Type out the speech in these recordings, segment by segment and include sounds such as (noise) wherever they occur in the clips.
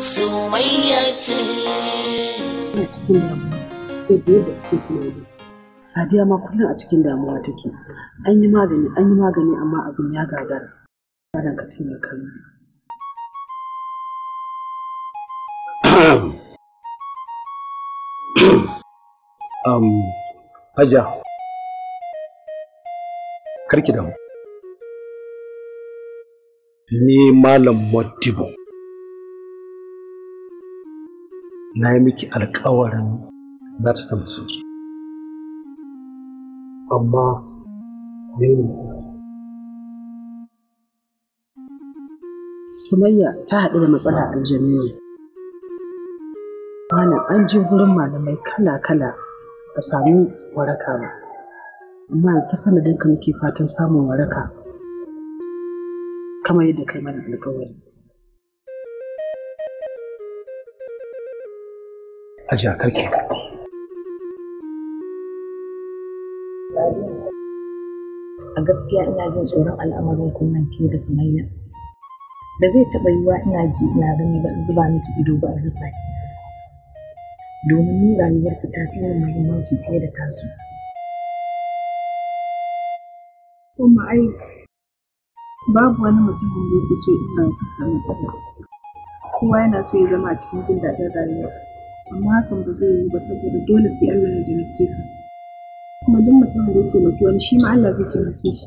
Sumayya Sadiya ma kullum a cikin damuwa take. An yi magani, an yi magani amma abin ya gagara. Madan ka ce um, hajja karki damu. Ni Malam Modibo. na yi miki alkawarin za ta samu amma Sumayya ta haɗu da matsala aljamiyu. Malam an ji gurin malamai kala-kala a sami waraka ba. Amma ta sanadinka muke fatan samun waraka kamar yadda kai mana alkawari. a jakar ke a gaskiya ina jin tsoron al'amarin kunnan ke da sumayya da zai taɓa yiwa ina ji ina gani ba zuba miki ido ba a rasa ki domin ni rayuwar ki ta fi muhimmanci fiye da tasu kuma ai babu wani mutum da yake so ina kasa matsala kowa yana so ya zama a cikin jin daɗin rayuwa amma hakan ba zai yi ba saboda dole sai Allah ya jarabce ka kuma duk mutum da ya taimaki wani shi ma Allah zai taimake shi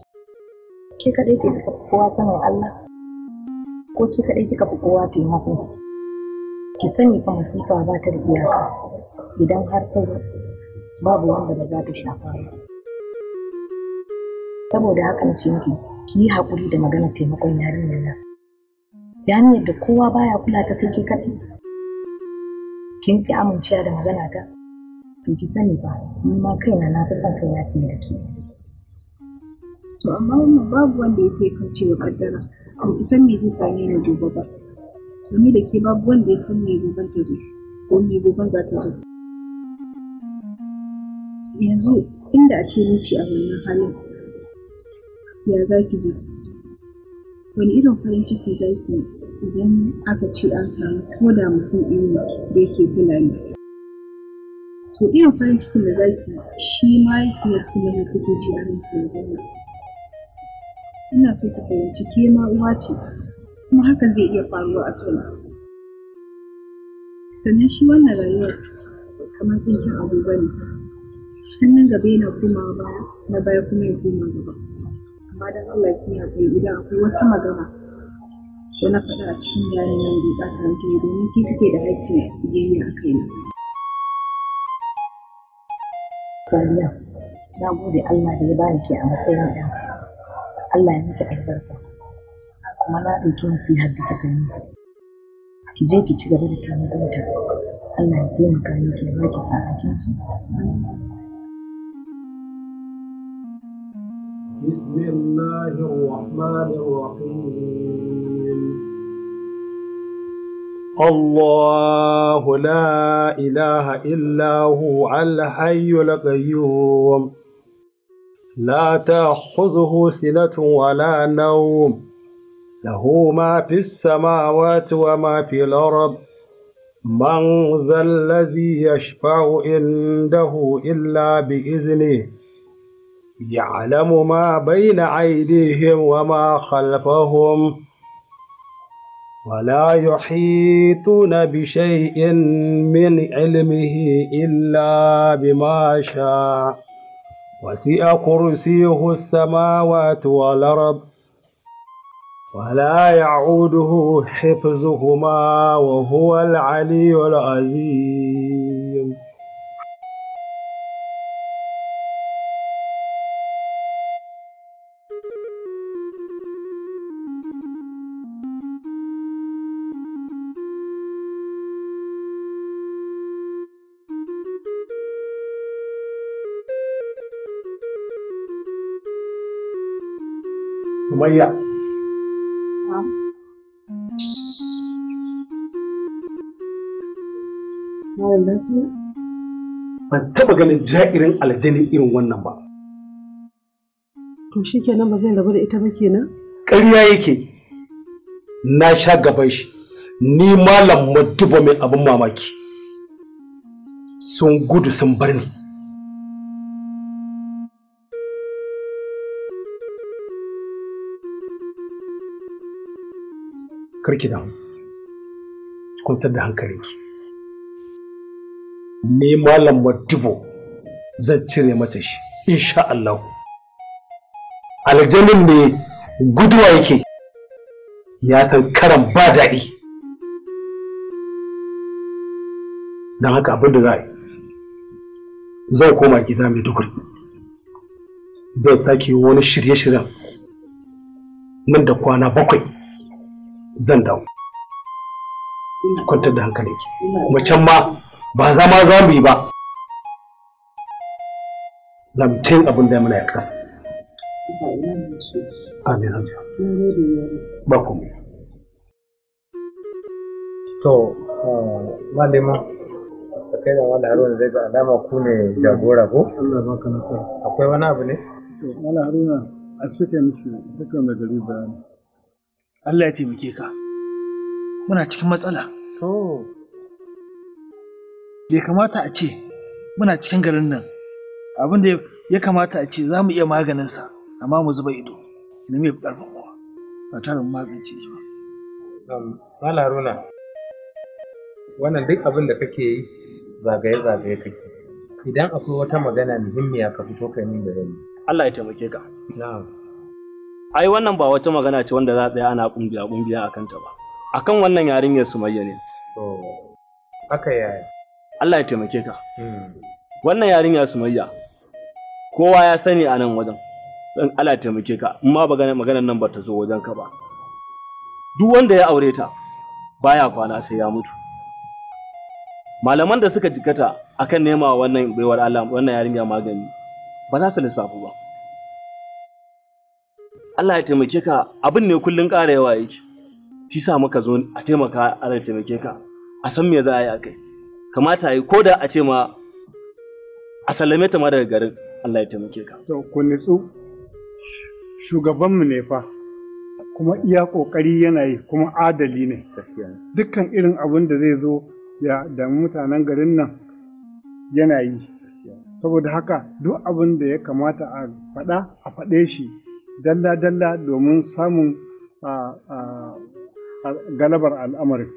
ke kaɗai ke kika kowa sanin Allah ko ke kaɗai kika fi kowa taimako ki sani fa masifa ba ta da iyaka idan har ta zo babu wanda ba za ta shafa ba saboda hakan ce ki yi haƙuri da magana taimakon yarinyar nan yarinyar da kowa baya kula ta sai ke kaɗai kin fi amincewa da magana ta to ki sani ba ni ma kaina na fi son kai fiye da ke to amma wannan babu wanda ya sai kauce wa kaddara ko ki san me zai tsane ni gobe ba to ni da ke babu wanda ya san me gobe ta zo ko me gobe za ta zo yanzu inda a ce ni ce a wannan halin ya za ki wani irin farin ciki za ki yi idan aka ce an samu ko da mutum ɗin da yake fulani to iya farin cikin da ki shi ma yake su mana take ji a yanzu ina so ta fahimci ke ma uwa ce kuma hakan zai iya faruwa a kai sannan shi wannan rayuwar kamar tsinkin abu ba ne hannun gaba yana komawa baya na baya kuma ya koma gaba amma don Allah ki haƙuri idan akwai wata magana da na faɗa a cikin yaren nan bai ɓata hankali domin ki kake da haƙƙin biyayya a kaina. Saliya, na gode Allah da ya bani ke a matsayin ɗan. Allah ya miki albarka. Kuma na ɗauki nasihar da ta gani. Ki je ki ci gaba da tanadar Allah ya taimaka miki ya baki sa'a kinki. بسم الله الرحمن الرحيم الله لا إله إلا هو الحي القيوم لا تأخذه سنة ولا نوم له ما في السماوات وما في الأرض من ذا الذي يشفع عنده إلا بإذنه يعلم ما بين أيديهم وما خلفهم ولا يحيطون بشيء من علمه إلا بما شاء وسع كرسيه السماوات والأرض ولا يعوده حفظهما وهو العلي العزيز Umayya. Ban taba ganin ja'irin aljani irin wannan ba. To shi kenan ba zai rabu da ita ba kenan? Ƙarya yake, na sha gaban shi, ni malam madubo mai abin mamaki. Sun gudu sun bar ni. karki damu kwantar da hankalinki ni malam madibo zan cire mata shi insha Allah aljanin ne guduwa yake ya san karan ba daɗi don haka abin da za a yi zan koma gida mai dukuri zan sake wani shirye-shiryen nan da kwana bakwai zan dawo kwantar da hankali. kuma can ma ba zama za mu yi ba lamtin abin da muna ya ƙasa amin ba kuma to eh, malima jagora ko akwai wani abu ne wani haruna a Allah ya taimake ka muna cikin matsala to ya kamata a ce muna cikin garin nan abin da ya kamata a ce za mu iya maganinsa amma mu zuba ido ina mai karfin kowa ba tare mu magance shi ba um, Mala Haruna wannan duk abin da kake yi zagaye-zagaye kake idan akwai wata magana muhimmiya ka fito ka yi min da Allah ya taimake ka na'am ai wannan ba wata magana ce wanda za a tsaya ana kungiya kungiya a kanta ba akan wannan yarinyar sumayya ne haka yaya Allah ya taimake ka hmm. wannan yarinya sumayya kowa ya sani a nan wajen dan Allah ya taimake ka in ma maganar nan ba ta zo wajen ka ba duk wanda ya aure ta baya kwana sai ya mutu malaman da suka jikata akan nema wannan baiwar Allah wannan yarinya magani ba za su lissafu ba Allah ya taimake ka abin ne kullun ƙara yawa yake shi sa muka zo a taimaka Allah ya taimake ka a san me za a yi a kai kamata a yi ko da a ce ma a sallame ta ma daga garin Allah ya taimake ka to ku nitsu shugabanmu ne fa kuma iya ƙoƙari yana yi kuma adali ne dukkan irin abin da zai zo ya da mutanen garin nan yana yi saboda haka duk abin da ya kamata a faɗa a faɗe shi dalla-dalla domin samun galabar al'amarin.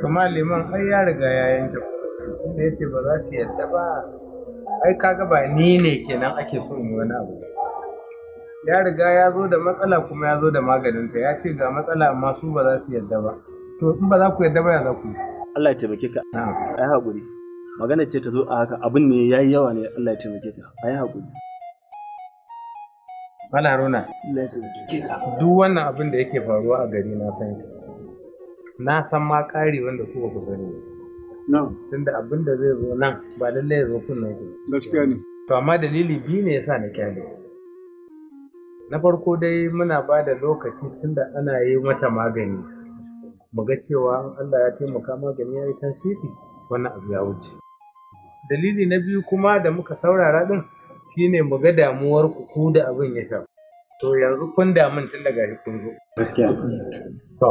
kuma liman ai ya riga ya yanke tunda ya ce ba za su yadda ba ai kaga ba ni ne kenan ake so in wani abu ya riga ya zo da matsala kuma ya zo da maganinta ya ce ga matsala amma su ba za su yadda ba to in ba za ku yadda ba ya za ku Allah ya taimake ka ai haƙuri magana ce ta zo a haka abin ne yayi yawa ne Allah ya taimake ka ai haƙuri Mala Haruna, duk wannan abin da yake faruwa a gari na san shi. Na san ma ƙari wanda kuka ku sani. Tunda abin da zai zo nan ba lallai ya zo kunnen ku. Gaskiya ne. To amma dalili biyu ne yasa na kyale. Na farko dai muna ba da lokaci tunda ana yi mata magani. Mu ga cewa Allah ya taimaka magani ya yi tasiri wannan abu ya wuce. Dalili na biyu kuma da muka saurara din shine mu ga damuwar ku da abin ya shafa. to yanzu kun damun tun daga shi kun zo gaskiya to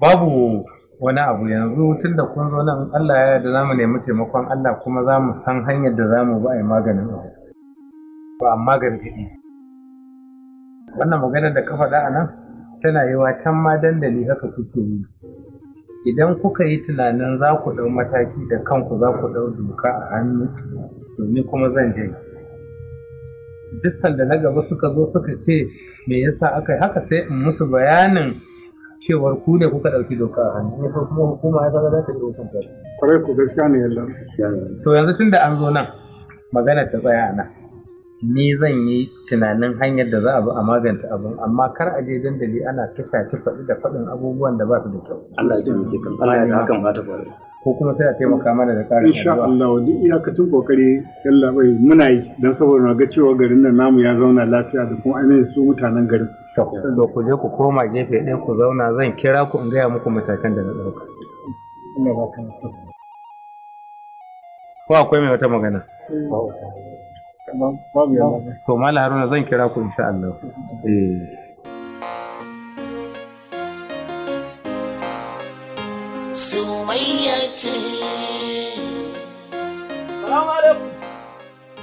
babu wani abu yanzu tun da kun zo nan Allah ya yarda zamu nemi taimakon Allah kuma za mu san hanyar da za mu ba a maganin ba ba amma gargaɗi wannan maganar da ka faɗa a nan tana yiwa can ma dandali haka kuke yi idan kuka yi tunanin za ku ɗau mataki da kanku za ku ɗau doka a hannu domin kuma zan je duk sanda na gaba suka zo suka ce me yasa aka yi haka sai in musu bayanin cewar ku ne kuka ɗauki doka a hannu yasa kuma hukuma ya kaga za ta iya kan kwarai ku gaskiya ne yallan. to yanzu tun da an zo nan magana ta tsaya a nan ni zan yi tunanin hanyar da za a bi a maganta abin amma kar a je dandali ana ta faɗi da faɗin abubuwan da ba su da kyau Allah ya kan Allah ya ba ta faru ko kuma sai a taimaka mana da ƙarin insha Allah wani iyakacin kokari yalla bai muna yi don saboda ga cewa garin nan namu ya zauna lafiya da kuma ainihin su mutanen garin to ku je ku koma gefe ɗaya ku zauna zan kira ku in gaya muku matakan da na ɗauka ko akwai mai wata magana to mala haruna zan kira ku insha Allah eh. Sumayya ce salamu alaikum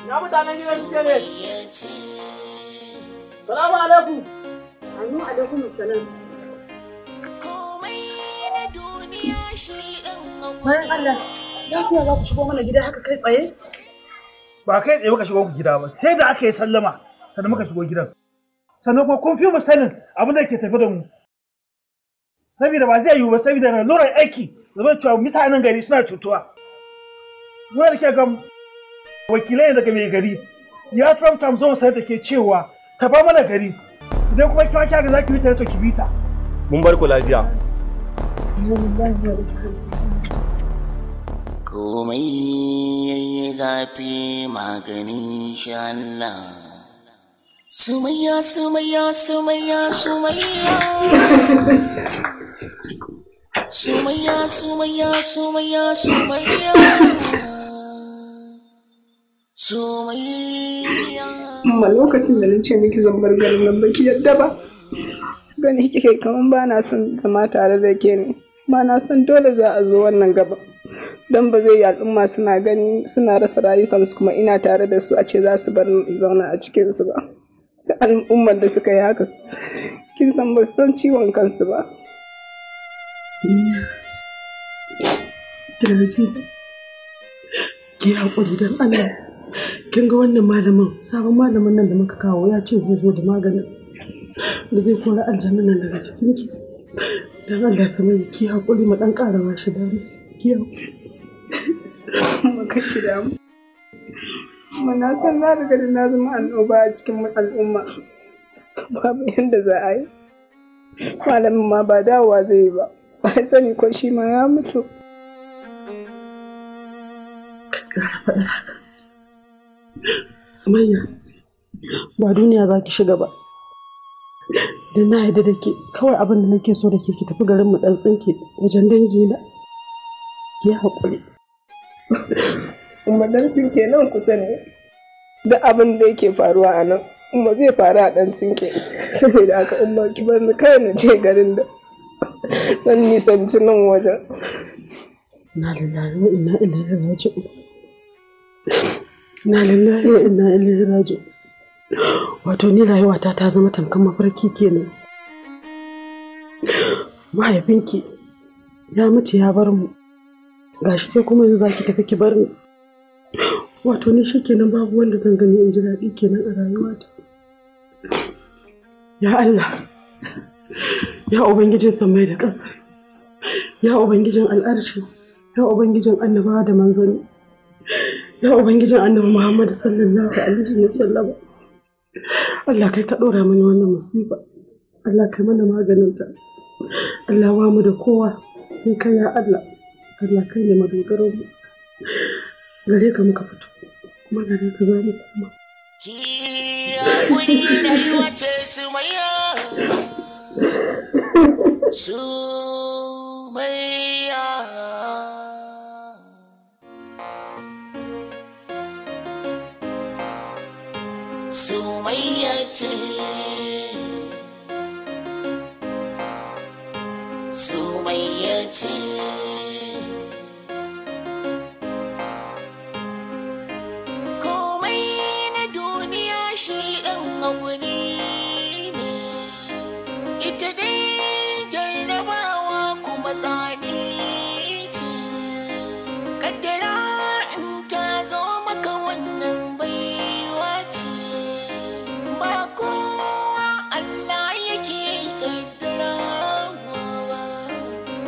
na mutanen gidan suke ne salamu alaikum hannu alaikum salam bayan Allah lafiya za ku shigo mana gida haka kai tsaye ba kai tsaye muka shigo gida ba sai da aka yi sallama sannan muka shigo gidan sannan kuma kun fi mu sanin abin da ke tafi da mu saboda ba zai yiwu ba saboda lura aiki zama cewa mutanen gari suna cutuwa mu da ke ga wakilai daga mai gari ya trump tam zama sayar da ke cewa ta ba mana gari idan kuma kiwa kiya ga za ki bita to ki bita mun bar ku lafiya komai yayi zafi maganin shi Allah sumayya sumayya sumayya sumayya (laughs) Sumaya, sumaya, Sumayya, Sumayya. Amma lokacin da nace miki zan bar garin nan baki yadda ba. Gani kike kaman ba na son zama tare da ke ne. Ba na son dole za a zo wannan gaba. Don ba zai yi al'umma suna gani suna rasa rayukansu kuma ina tare da su a ce za su bar zauna a cikinsu ba. Da al'ummar da suka yi haka kin san ba san ciwon kansu ba. Siniya, kina ji? Ki Allah. Kin ga wannan malamin, sabon malamin nan da muka kawo ya ce zai zo da maganin da zai kora aljanna nan daga cikinki. Allah ki mu ƙara Ki na san na riga da na zama annoba a cikin al'umma. Babu yadda za a yi. Malamin ma ba dawowa zai yi ba. ba sani ko shi ma ya mutu sumayya ba duniya za ki shiga ba da na yadda da ke kawai abin da nake so da ke ki tafi garin mu dan tsinke wajen dangi na ki haƙuri kuma dan tsinke nan kusa ne da abin da yake faruwa a nan kuma zai faru a dan tsinke saboda haka umma ki bar ni kai na je garin da zan nisanci nan waje. na lullari wa ina ilaihi raji'un na lullari wa ina ilaihi raji'un wato ni rayuwata ta zama tamkar mafarki kenan mahaifinki ya mutu ya bar mu gashi sai kuma yanzu zaki tafi ki bar ni wato ni shikenan babu wanda zan gani in ji daɗi kenan a rayuwata ya Allah ya ubangijin sammai da ƙasa ya ubangijin al'arshi ya ubangijin annabawa da manzoni ya ubangijin annabi muhammadu sallallahu alaihi wa sallama Allah kai ka ɗora mana wannan musiba Allah kai mana maganinta Allah wa mu da kowa sai kai ya Allah Allah kai ne madogaro mu gare ka muka fito kuma gare ka za mu koma Hiya kuri da yi wace su maya su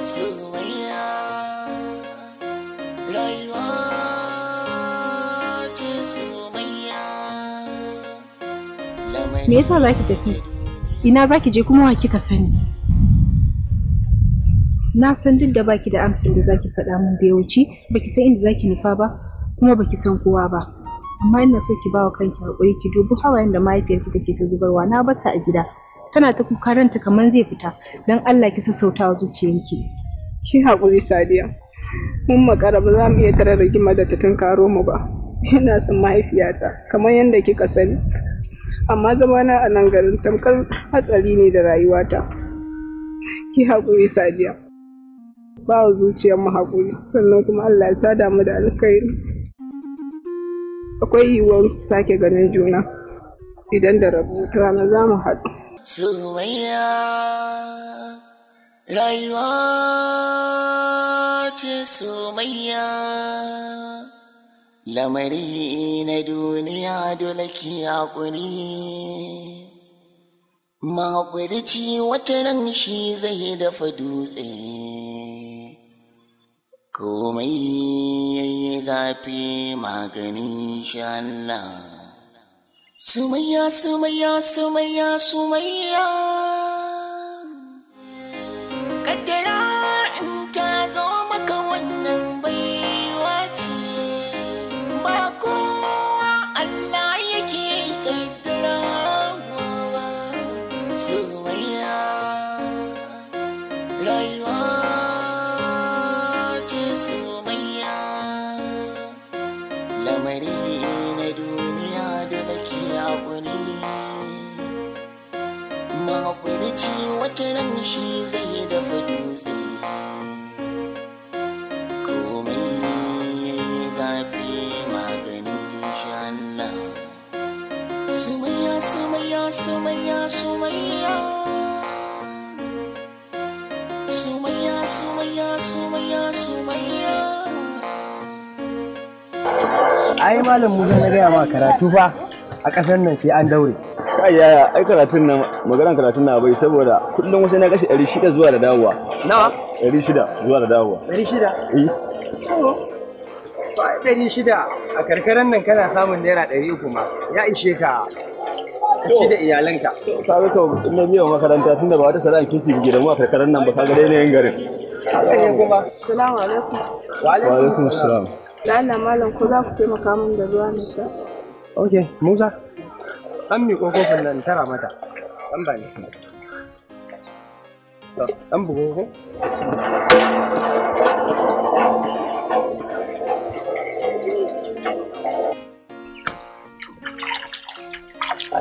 me yasa zaki tafi ina zaki je kuma wa kika sani na san duk da baki da amsar da zaki faɗa min bai ba baki san inda zaki nufa ba kuma baki san kowa ba amma ina so ki bawa kanki haƙuri ki dubi hawayen da mahaifiyarki take ta zubarwa na bata a gida tana ta kuka kamar zai fita don Allah ki sassauta wa zuciyanki ki haƙuri sadiya mun makara ba za mu iya tare gima da ta karo mu ba ina son mahaifiyata kamar yadda kika sani amma zamana a nan garin tamkar hatsari ne da rayuwata ki haƙuri sadiya ba wa zuciyar mu haƙuri sannan kuma Allah ya sada mu da alkhairi akwai yiwuwar sake ganin juna idan da rabu rana za mu haɗu sumayya rayuwa ce sumayya lamari na duniya dole ki haƙuri ci wata ran shi zai dafa dutse komai yayi zafi maganin shi Allah Sumayya, Sumayya, Sumayya, Sumayya. ai malam mu na gaya ma karatu fa a ƙasar nan sai an daure kai yaya ai karatun nan maganar karatun na bai saboda kullum wasu na kashi 600 zuwa da dawowa nawa 600 zuwa da dawowa 600 eh ba 600 a karkaran nan kana samun naira 300 kuma ya ishe ka ka ci da iyalanka ka ga kawai in na makaranta tunda ba wata sana'a kifi gidan mu a karkaran nan ba ka ga yin garin Assalamu alaikum. Wa alaikum assalam. Lala malam ko za ku taimaka min da ruwa na sha? Ok, Musa. An miƙo kofin nan tara mata. An ba ni. An bugo ko?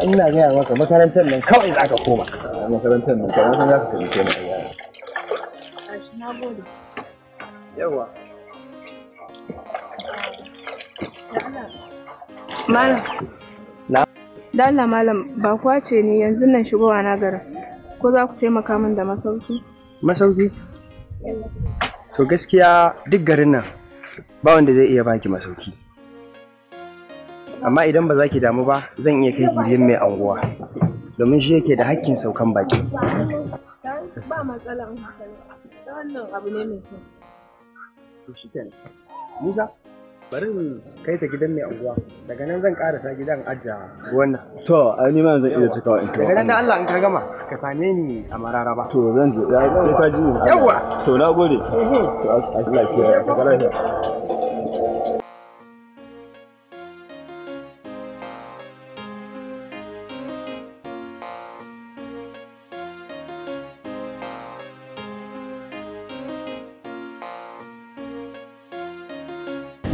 ina gaya maka makarantar nan kawai za ka koma makarantar nan kawai za ka taimake mu yawa Malam. Dalla malam ba kuwa ce ne yanzu nan shigowa na garin. Ko za ku taimaka min da masauki? Masauki? To gaskiya duk garin nan ba wanda zai iya baki masauki. Amma idan ba za ki damu ba zan iya kai gidan mai anguwa. Domin shi yake da hakkin saukan baki. Ba matsala wannan abu ne mai kyau. To shi kenan. Musa? bari in kai ta gidan mai anguwa daga nan zan karasa gidan ajiya wannan to a ni ma zan iya cika wa in daga nan da Allah in ka gama ka same ni a mararaba to zan je ya ce ka ji yawa to na gode to Allah ya kiyaye ka lafiya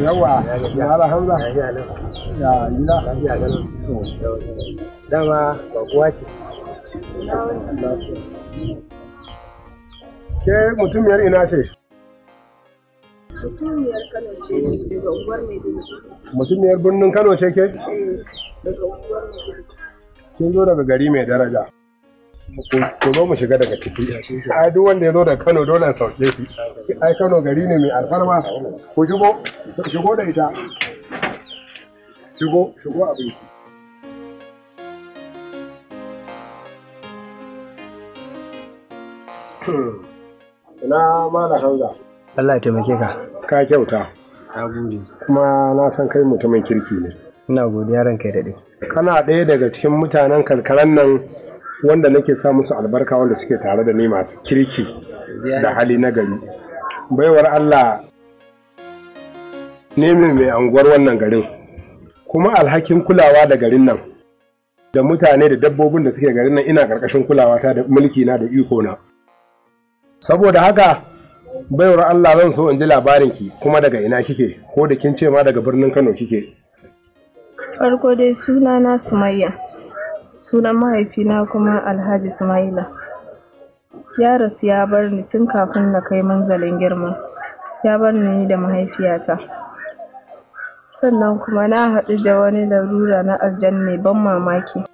yawa ya hamza ya gida dama ba kuwa ce ke mutumiyar ina ce mutumiyar kano ce daga uwar mai mutumiyar birnin kano ce ke eh, kin zo daga gari mai daraja ku zo mu shiga daga ciki ai duk wanda ya zo da Kano dole sauke shi ai Kano gari ne mai alfarma ku shigo shigo da ita shigo shigo abin ina mala hamza Allah ya taimake ka ka kyauta na gode kuma na san kai mutumin kirki ne ina godiya ranka da dai kana ɗaya daga cikin mutanen karkaran nan wanda nake sa musu albarka wanda suke tare da ni masu kirki da hali na gari baiwar Allah ne mai anguwar wannan garin kuma alhakin kulawa da garin nan da mutane da dabbobin da suke garin nan ina karkashin kulawa ta da mulki na da iko na saboda haka baiwar Allah zan so in ji labarin ki kuma daga ina kike ko da kin ce ma daga birnin Kano kike farko dai suna na Sumayya Sunan mahaifina kuma Alhaji sumaila Ya rasu ya bar ni tun kafin na kai manzalin girma. Ya bar ni da mahaifiyata. Sannan kuma na haɗu da wani larura na aljan mai ban mamaki.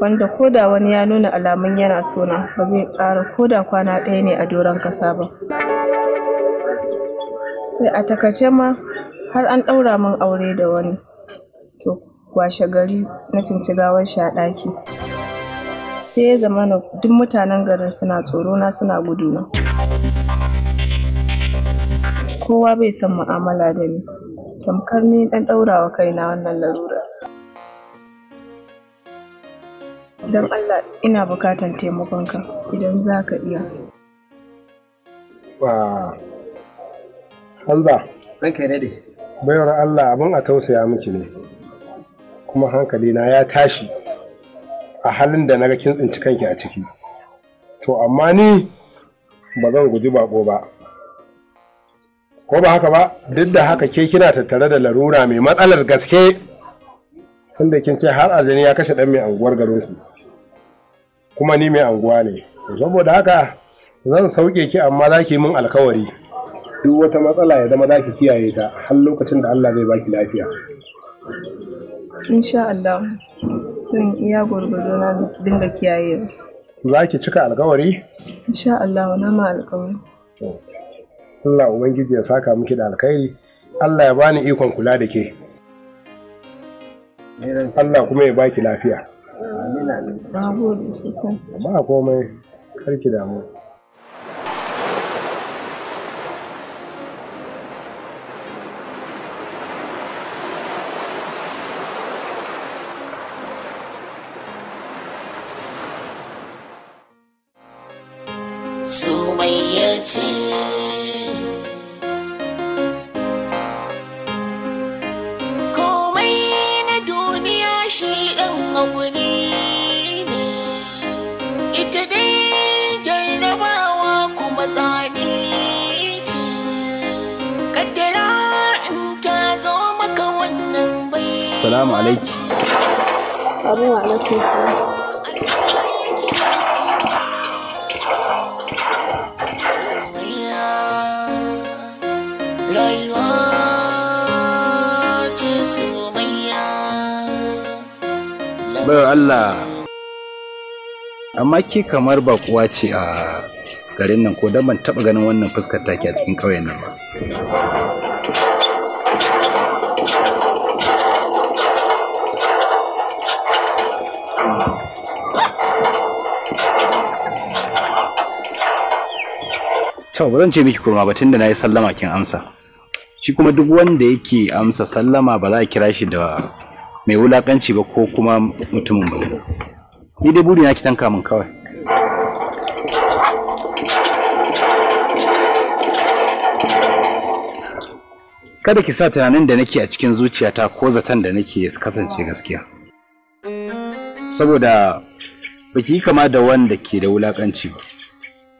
Wanda koda wani ya nuna alamun yana sona ba zai ƙara koda kwana ɗaya ne a doron kasa ba. Sai a takace ma har an ɗaura min aure da wani. washe gari na cinci gawar shi a ɗaki sai ya zama duk mutanen garin suna tsoro na suna guduna kowa bai san mu'amala da ni tamkar ni ɗan ɗaurawa kaina wannan larura don allah ina bukatan taimakonka idan za ka iya Hamza. Ranka ne dai. Baiwar Allah abin a tausaya miki ne. kuma hankali na ya tashi a halin da naga kin tsinci kanki a ciki to amma ni ba zan guji bako ba ko ba haka ba duk da haka ke kina tattare da larura mai matsalar gaske tunda kin ce har aljani ya kashe dan mai anguwar ku. kuma ni mai anguwa ne saboda haka zan sauke ki amma za ki min alkawari duk wata matsala ya zama za ki kiyaye ta har lokacin da Allah zai baki lafiya insha Allah zan iya gwargwado na dinga kiyayewa za ki cika alkawari insha Allah na ma alkawari Allah ubangiji ya saka miki da alkhairi Allah ya bani ikon kula da ke Allah kuma ya baki lafiya. Na Ba komai, karki damu. ke kamar bakuwa ce a garin nan ko don ban taba ganin wannan fuskar take a cikin ƙauyen nan ba to ba zan ce miki kurma ba tunda yi sallama kin amsa shi kuma duk wanda yake amsa sallama ba za a kira shi da mai wulakanci ba ko kuma mutumin ba ni dai burina ki tanka min kawai kada ki sa tunanin da nake a cikin zuciyata ko zaton da nake kasance gaskiya saboda baki kama da wanda ke da wulakanci ba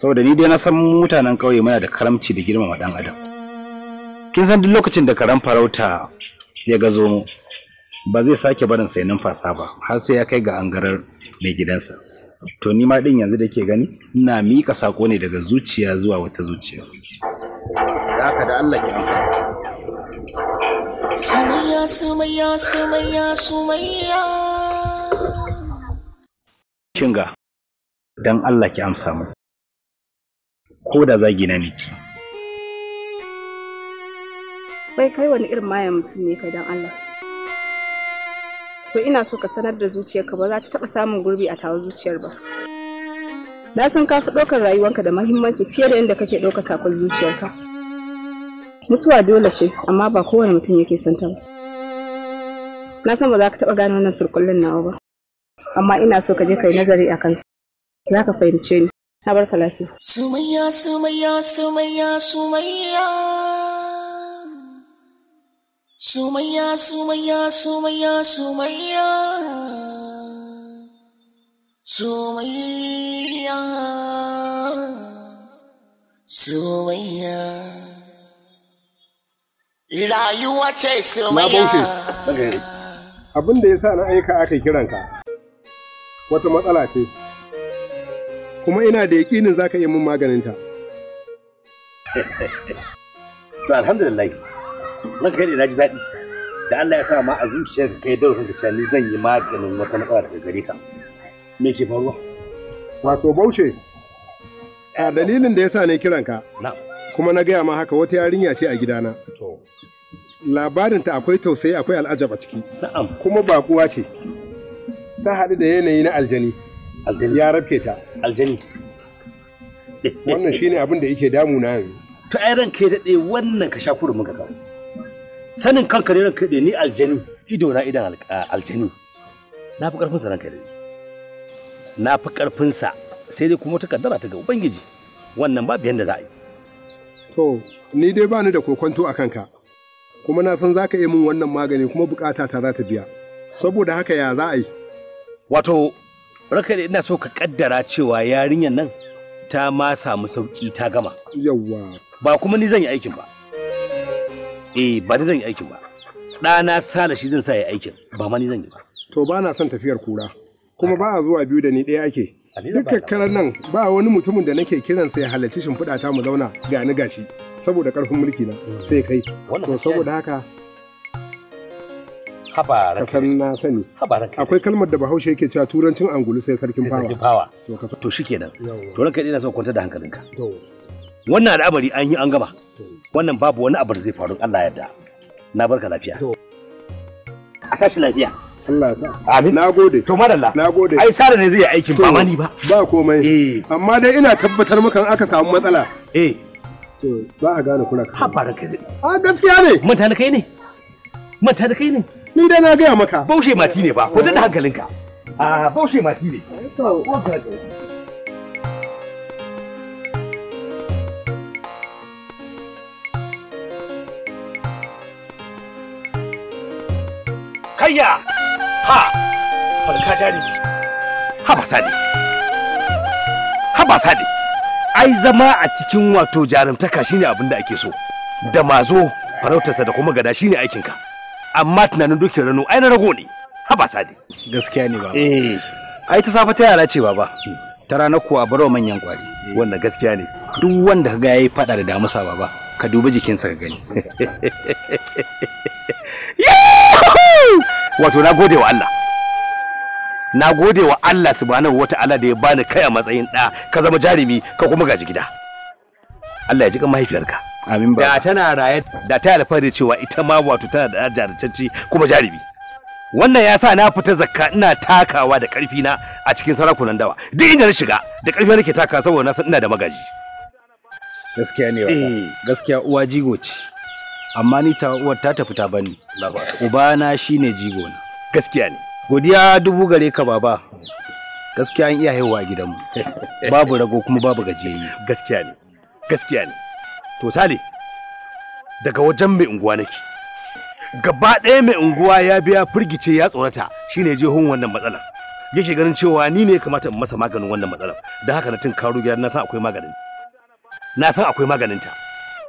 saboda ni dai na san mutanen ƙauye muna da karamci da girmama ɗan adam kin san duk lokacin da karam farauta ya gazo mu ba zai sake barin sai numfasa ba har sai ya kai ga angarar mai gidansa to ni ma din yanzu da ke gani ina miƙa sako ne daga zuciya zuwa wata zuciya da haka da Allah ki amsa sumayya sumayya sumayya sumayya kinga dan Allah ki amsa mu ko da zagi na niki bai kai wani irin mayan mutum ne kai dan Allah to ina so ka sanar da zuciyarka ba za ta taɓa samun gurbi a tawa zuciyar ba na san ka fi ɗaukar rayuwarka da mahimmanci fiye da yadda kake ɗaukar sakon zuciyarka mutuwa dole ce amma ba kowane mutum yake son ta ba na san ba za ka taɓa gane wannan surkullin nawa ba amma ina so ka je kai nazari a kansa za ka fahimce ni na barka lafiya sumayya sumayya sumayya sumayya Sumayya, Sumayya, Sumayya, Sumayya, Sumayya, Sumayya. Rayuwa ce Sumayya. Na abin da ya sa na aika aka kiranka wata matsala ce, kuma ina da yaƙinin za ka yi min maganinta. (laughs) Alhamdulillah. ranka kai na ji daɗi da Allah ya sa ma a zuciyarka kai da ranka cewa ni zan yi maganin wata matsala daga gare ka me ke faruwa wato baushe a dalilin da ya sa ne ka, kuma na gaya ma haka wata yarinya ce a gidana labarinta akwai tausayi akwai al'ajab a ciki kuma baƙuwa ce ta haɗu da yanayi na aljani ya rafe ta aljani wannan shine abin da yake damu na yanzu to ai ranka ya daɗe wannan ka sha kurumin ka kawo sanin kanka ne ranka ni aljanu ido na idan aljanu na fi karfin sa ranka ne na fi karfin sa sai dai kuma ta kaddara ta ga ubangiji wannan babu yanda za a yi to ni dai ba ni da kokonto a kanka kuma na san zaka yi min wannan magani kuma bukata ta za ta biya saboda haka ya za a yi wato ranka ina so ka kaddara cewa yarinyar nan ta ma samu sauki ta gama yawwa ba kuma ni zan yi aikin ba eh ba zan yi aikin ba ɗana sala shi zan sa ya aikin ba ma ni zan yi ba to ba na son tafiyar kura kuma ba a zuwa biyu da ni ɗaya ake duk kakkarar nan ba wani mutumin da nake kiran sai halarci shimfiɗa ta mu zauna ga ni gashi saboda ƙarfin mulki na hmm. sai kai to saboda haka ka san na sani akwai kalmar da bahaushe yake cewa turancin angulu sai sarkin fawa to shikenan to ranka ina son kwanta da hankalinka wannan al'amari an yi an gama wannan babu wani abu da zai faru Allah yarda na barka lafiya a tashi lafiya Allah sa amin nagode to madalla nagode ai sare ne zai yi aikin ba mani ba ba komai eh amma dai ina tabbatar maka aka samu matsala eh to ba a gane kura ha fara kai a gaskiya ne manta da kai ne manta da kai ne ni dai na gaya maka baushe mati ne ba ko da hankalinka a baushe mati ne to hayya ha farka ni ha ba sadi ha ba sadi ai zama a cikin wato jarumtaka shine abin da ake so da mazo farautarsa da kuma gada shine aikinka amma tunanin dukiyar rano ai na rago ne ha ba sadi gaskiya ne baba eh ai ta safa ta yara ce baba ta rana kuwa baro manyan kwari eh. wannan gaskiya ne duk wanda kaga yayi fada da damusa baba ka dubi jikinsa ka gani (laughs) wato na gode wa Allah na gode wa Allah subhanahu ta'ala da ya bani kai a matsayin ɗa ka zama jarumi ka kuma gaji gida Allah ya ji kan mahaifiyarka amin ba da tana raye da ta alfahari cewa ita ma wato tana da jarumci kuma jarumi wannan ya sa na fita zakka ina takawa da karfi na a cikin sarakunan dawa duk inda na shiga da karfi nake takawa saboda na san ina da magaji gaskiya ne eh. gaskiya uwa jigo ce amma ni ta uwar ta tafi ta bani ubana shine jigo na gaskiya ne godiya dubu gare ka baba gaskiya an iya haihuwa a gidanmu (laughs) babu rago kuma babu gajiyayye gaskiya ne gaskiya ne to sale daga wajen mai unguwa nake gaba ɗaya mai unguwa ya biya firgice ya tsorata shine je hun wannan matsalar yake ganin cewa ni ne kamata in masa maganin wannan matsalar da haka na tun karo gidan na san akwai maganin na san akwai maganin ta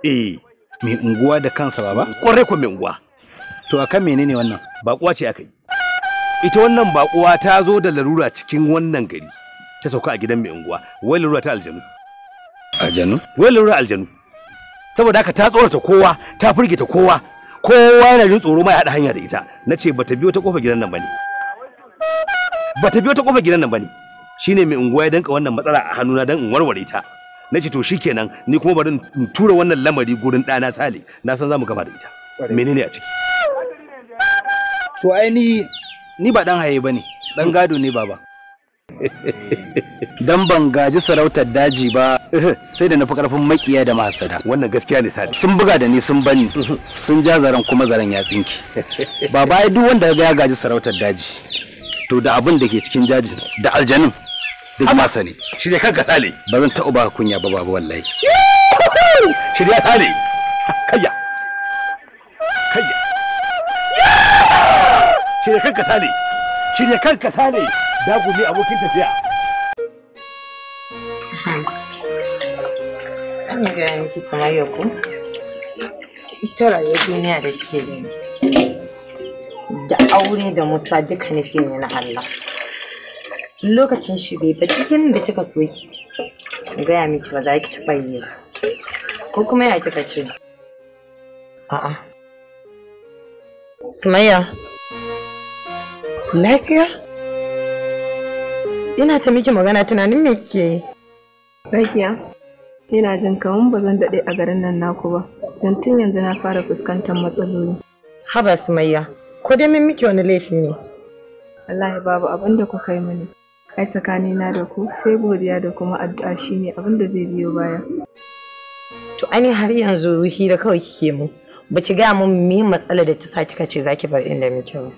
eh mai unguwa da kansa baba kwarai ko mai unguwa to kan menene wannan bakuwa ce aka yi ita wannan bakuwa ta zo da larura cikin wannan gari ta sauka a gidan mai unguwa wai larura ta aljanu aljanu wai larura aljanu saboda haka ta tsorata kowa ta firgita kowa kowa yana jin tsoro ma ya haɗa hanya da ita na ce bata biyo ta kofa gidan nan bane bata biyo ta kofa gidan nan bane shine mai unguwa ya danka wannan matsala a hannuna dan in warware ta na ce to shikenan ni kuma bari in tura wannan lamari gurin ɗana sale na san za mu gama da ita menene a ciki to ai ni ni ba dan haye bane dan gado ne baba (laughs) dan ban gaji sarautar daji ba (laughs) sai da na fi karfin makiya da masada wannan gaskiya ne sai sun buga da ni sun bani (laughs) sun ja zaren kuma zaren ya tsinki baba ai duk wanda ya gaji sarautar daji to da abin da ke cikin jaji da aljanin duk ma sani shirya kanka sale ba zan taɓa ba kunya ba babu wallahi shirya sale kayya kayya shirya kanka sale shirya kanka sale dagumi abokin tafiya an ga miki samayya ko ita rayuwar duniya da ke da aure da mutuwa duka nufi ne na Allah lokacin shi bai ba cikin da kika so ki gaya miki ba za ki taɓa yi ba ko kuma ya kika ce a'a sumayya lafiya ina ta miki magana tunanin me kike yi lafiya ina jin kamar ba zan daɗe a garin nan naku ba don tun yanzu na fara fuskantar matsaloli haba sumayya ko dai min miki wani laifi ne ya babu abin da ku kai mini Ai tsakanina da ku sai godiya da kuma addu'a shine abin da zai biyo baya. To ani har yanzu da kawai kike mu. baki ki gaya mun me matsala da ta sa kika ce zaki bar inda muke ba.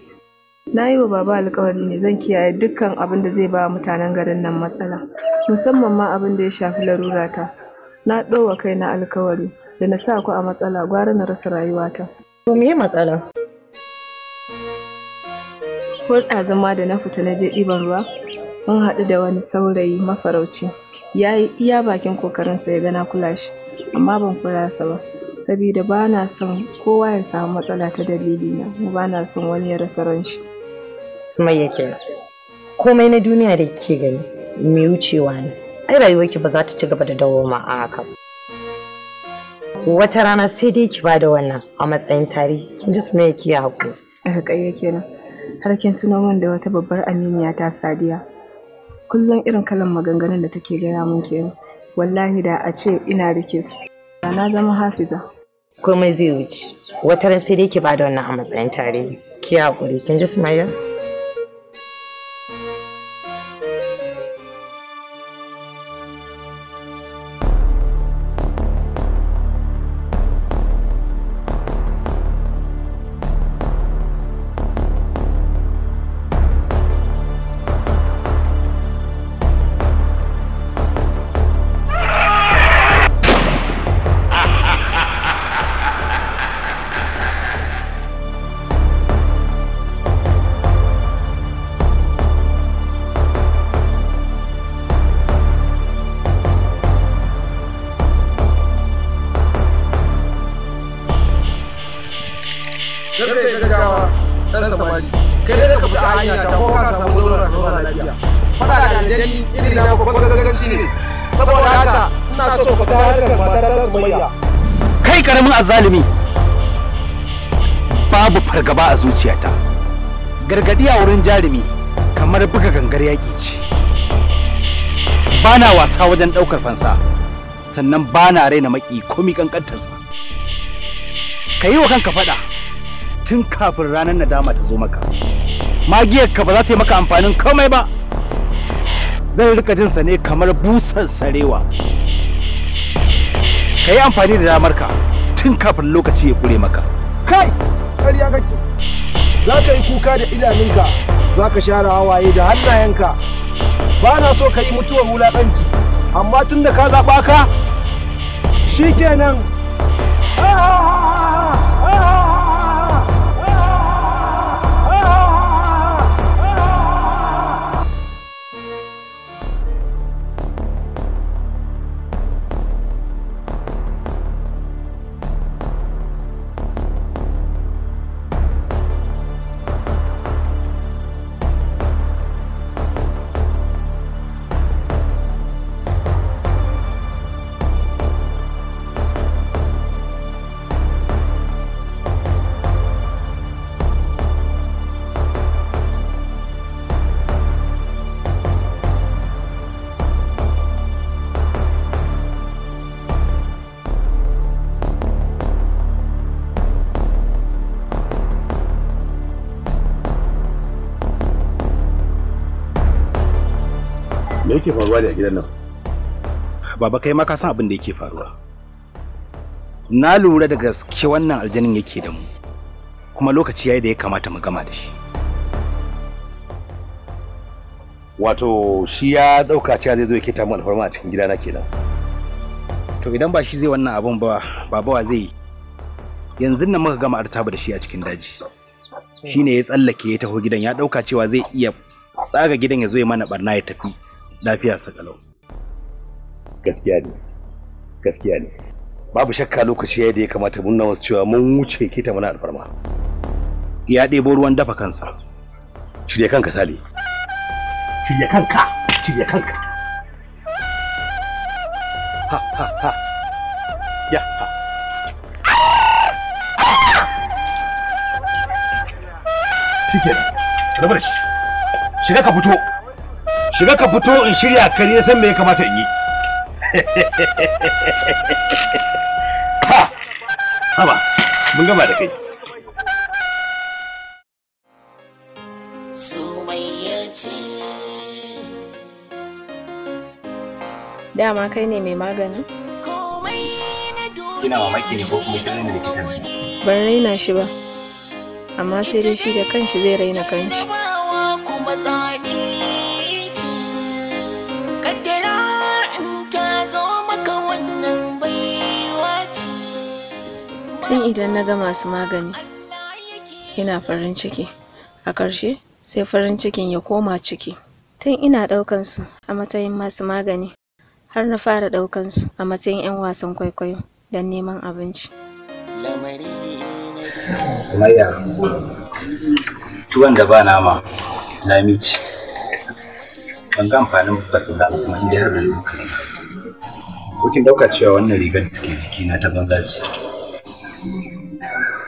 Na yi wa baba alkawari ne zan kiyaye dukkan abin da zai ba mutanen garin nan matsala. Musamman ma abin da ya shafi larura ta. Na ɗowa na alkawari da na sa ku a matsala gwara na rasa rayuwata. To me matsala? Ko zama da na fita na je ɗiban ruwa mun haɗu da wani saurayi mafarauci ya yi iya bakin kokarinsa ya gana kula shi amma ban kula sa ba saboda ba na son kowa ya samu matsala ta dalili na ba na son wani ya rasa ran shi sumayya ke komai na duniya da ke gani mai wucewa ne ai rayuwarki ba za ta ci gaba da dawoma a haka wata rana sai dai ki ba da wannan a matsayin tarihi kin ji sumayya ki ya haƙuri a haƙa yake nan har kin tuno da wata babbar aminiya ta sadiya kullum irin kalan maganganun da take gaya mun kenan wallahi da a ce ina rike su na zama hafiza komai zai wuce wata ran sai dai ki bada wannan a matsayin tarihi ki hakuri kin ji sumayya wurin jarumi kamar buga gangar yaƙi ce bana wasa wajen ɗaukar fansa sannan bana raina maki komi kankantarsa ka yi wa kanka faɗa tun kafin ranar nadama ta zo maka magiyarka ba za ta yi maka amfanin komai ba zan rika jinsa ne kamar busar sarewa ka yi amfani da damarka tun kafin lokaci ya kure maka kai kariya kake za ka yi kuka da idanunka za ka share hawaye da hannayenka ba na so ka yi mutuwar wulaƙanci amma tun da ka zaɓa ka shi kenan ah, ah, ah. faruwa ne a gidan nan baba kai ma ka san abin da yake faruwa na lura da gaske wannan aljanin yake da mu kuma lokaci yayi da ya kamata mu gama da shi wato shi ya dauka cewa zai zo yake ta mu alfarma a cikin gidana kenan to idan ba shi zai wannan abun ba baba wa zai yanzu nan muka gama artaba da shi a cikin daji shine ya tsallake ya taho gidan ya dauka cewa zai iya tsaga gidan ya zo ya mana barna ya tafi lafiya sakalau gaskiya ne gaskiya ne babu shakka lokaci yadda da ya kamata mun nawa cewa mun wuce kita mana alfarma ya ɗebo ruwan dafa kansa shirya kanka sale shirya kanka shirya kanka ha ha ha ya ha shi ke rabu da shi shiga ka fito shiga ka fito in shirya ka ne san me ya kamata in yi (laughs) ha haba mun gama da kai dama kai ne mai maganin kina maki ne ko kuma kina ne likitan ban raina shi ba amma sai dai shi da kanshi zai raina kanshi sai idan na ga masu magani ina farin ciki a ƙarshe sai farin cikin ya koma ciki tun ina ɗaukan su a matsayin masu magani har na fara ɗaukan su a matsayin 'yan wasan kwaikwayo don neman abinci sumayya tuwon da ba nama lamici ban ga amfanin basu da kuma inda har da kukin ɗauka cewa wannan rigar take na ta banza ce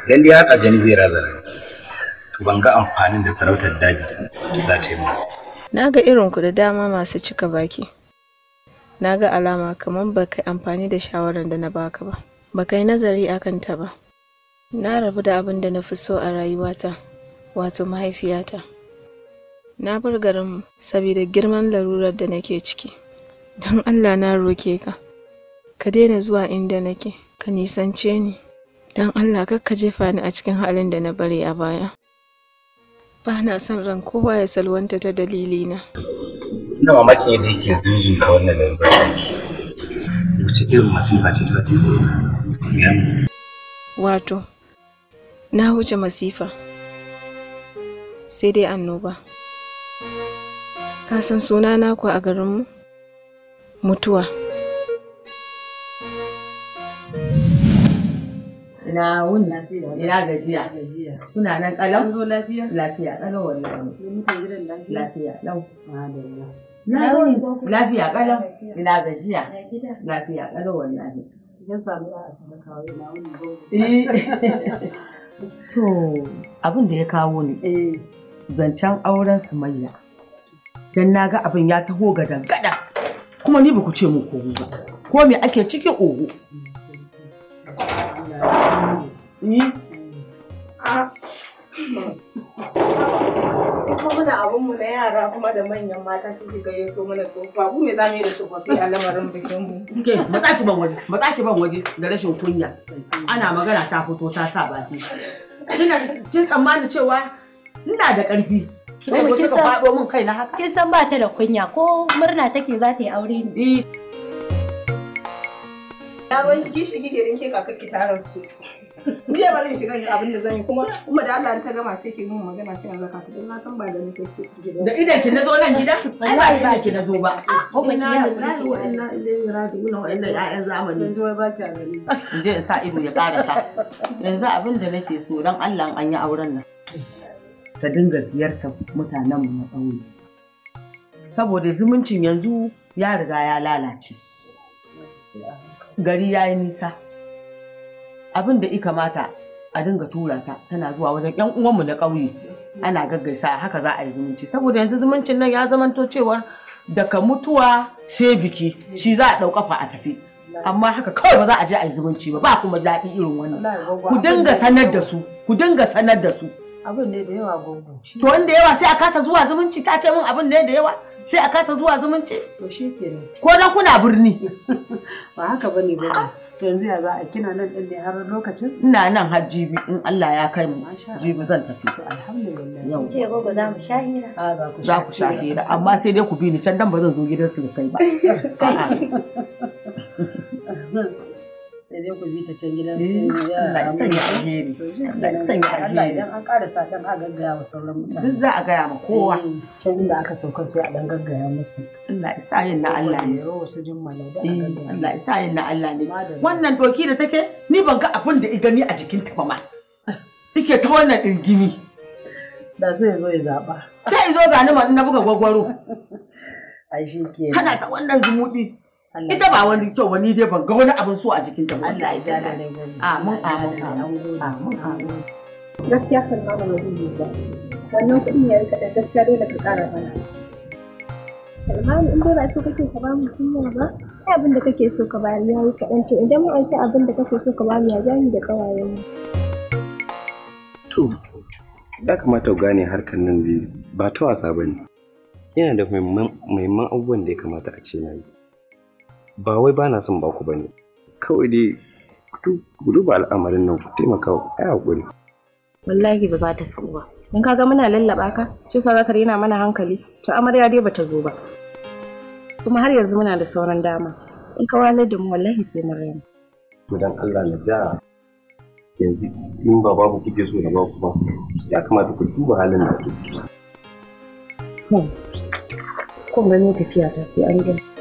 idan dai har aljani zai razana to ban ga amfanin da sarautar daji za ta yi mana na ga irin ku da dama masu cika baki na ga alama kamar ba kai amfani da shawarar da na baka ba ba kai nazari akan ta ba na rabu da abin da na fi so a rayuwata wato mahaifiyata na bar garin saboda girman larurar da nake ciki don allah na roke ka ka daina zuwa inda nake ka nisance ni don Allah kakka jefa ni a cikin halin da na bari a baya. Ba na son ran kowa ya salwanta ta dalilina. Ina mamakin yadda yake zuzu da wannan labarin. Wace irin masifa ce ta ke Wato, na wuce masifa. Sai dai annoba. Ka san suna na ku a garinmu? Mutuwa. na wunna. Ina gajiya. Kuna nan kalau? lafiya? Lafiya kalau wallahi. Lafiya lau. Madalla. Na wuni lafiya kalau. Ina gajiya. Lafiya kalau wallahi. Idan samu za a samu kawo ina wuni gobe. To abin da ya kawo ni. Eh. Zancen auren Sumayya. Dan na ga abin ya taho ga dangada. Kuma ni ba ku ce mu kogo ba. Ko me ake ciki ogo? Ni? Ah. Kuma muna abinmu na yara kuma da manyan mata suke gayyato mana tsofa. Ku me za mu yi da tsofaffi a lamarin bikinmu? Ke, matsa ki ban waje, matsa ki ban waje da rashin kunya. Ana magana ta fito ta sa baki. Kina kin tsammanin cewa ina da ƙarfi. Kin san ba ta da kunya ko murna take za ta yi aure ne. Eh. Yaron kishi kike rinke kakar ki tarar su. Ni ya bari shiga yin abin da zan yi kuma kuma da Allah ta gama sai ke mun magana sai an zaka don na san ba da nake ke gida. Da idan ki nazo nan gida? Wallahi ba ki nazo ba. Ah, Ko ba ki yana ba ni wa'annan ilimi radi mun wa'annan ƴaƴan zamani. Dan wai ba ki a gari. Je in sa ido ya ƙara karasa. Yanzu abin da nake so don Allah an yi auren nan. Ta dinga ziyartar mutanen mu na ƙauye. Saboda zumuncin yanzu ya riga ya lalace. gari ya yi nisa abin da ika mata a dinga tura ta tana zuwa wajen yan uwanmu na ƙauye ana gaggaisa haka za a yi zumunci saboda yanzu zumuncin nan ya zamanto cewa. daga mutuwa sai biki shi za a ɗau a tafi amma haka kawai ba za a je a yi zumunci ba ba kuma daɗi irin wani. ku dinga sanar da su ku dinga sanar da su abin ne da yawa gungun to wanda yawa sai a kasa zuwa zumunci ta ce min abin ne da yawa sai a kasa zuwa zumunci to shi shikenan ko dan kuna birni (laughs) ba haka bane ba to yanzu ya za a kina nan din ne har lokacin ina nan har jibi in Allah ya kai mu jibi zan tafi alhamdulillah yau ce gogo za mu sha hira ah, za ku sha hira amma sai dai ku bi ni can dan ba zan zo gidan su kai ba (laughs) (laughs) sai dai ku bi ta can gidan su mm. Allah ya sanya alheri Allah ya sanya alheri Allah idan an ƙara a gaggaya wa sauran mutane duk za a gaya ma kowa mm. can inda aka sauka sai a dan gaggaya musu Allah ya sa yin na Allah ne wasu da mm. Allah ya sa yin na Allah ne wannan doki da take ni ban ga abin da i gani a jikin ta ba ma take ta wannan dingimi da sai zo ya zaba sai zo ga ni ma na buga gwagwaro ai shi kana ta wannan zumudi. Ita ba wani kyau wani dai ban ga wani abin so a jikin ta. Allah ya ja da rai. Amin amin amin amin. Gaskiya Salmanu ba zai yi ba. Wannan kuɗin ya yi kaɗan gaskiya dole ka ƙara bana. Salmanu in dai ba so kake ka ba mu kunya ba, kai abin da kake so ka bayar ya yi kaɗan to idan mun aisha abin da kake so ka ba mu ya za da ƙawayen mu. To, ya kamata ku gane harkar nan ba ta wasa ba ne. Yana da muhimman abubuwan da ya kamata a ce na yi. ba wai ba na son baku ba ne kawai dai ku duba al'amarin nan ku taimaka ku ai hakuri wallahi ba za ta so ba in kaga muna lallaba ka shi yasa zaka rena mana hankali to amarya dai bata zo ba kuma har yanzu muna da sauran dama in ka walar da mu wallahi sai mun raina to dan Allah na ja yanzu in ba babu kuke so na baku ba ya kamata ku duba halin da kuke ciki hmm. kun gani tafiya ta sai an gani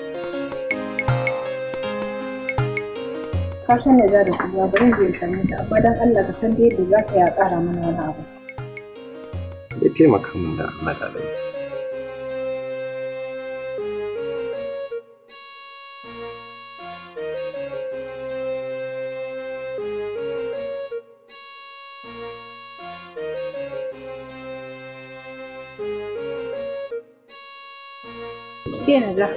ka san da da kuma bari zai same ta amma dan Allah ka san da yadda ya ƙara mana wani abu ya taimaka min da Allah da Allah ja,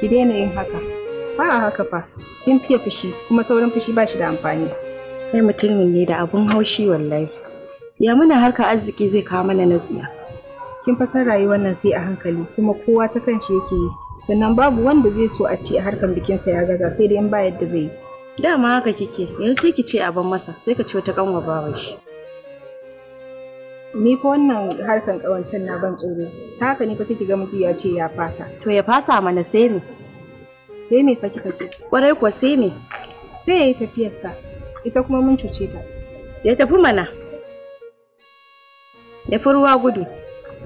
ki daina yin haka. ba a haka fa kin fiye fushi kuma saurin fushi ba shi da amfani kai mutumin ne da abun haushi wallahi ya muna harka arziki zai kawo mana natsiya kin fasar rayuwar nan sai a hankali kuma kowa ta kan shi yake yi sannan babu wanda zai so a ci a harkar sa ya gaza sai dai in ba yadda zai yi dama haka kike yanzu sai ki ce a masa sai ka ce wata kanwa babu shi ni fa wannan harkan kawancan na ban tsoro ta haka ne fa sai ki ga miji ya ce ya fasa to ya fasa mana sai ne sai me fa kika ce kwarai kuwa sai me sai ya yi tafiyarsa ita kuma mun cuce ta ya tafi mana ya fi ruwa gudu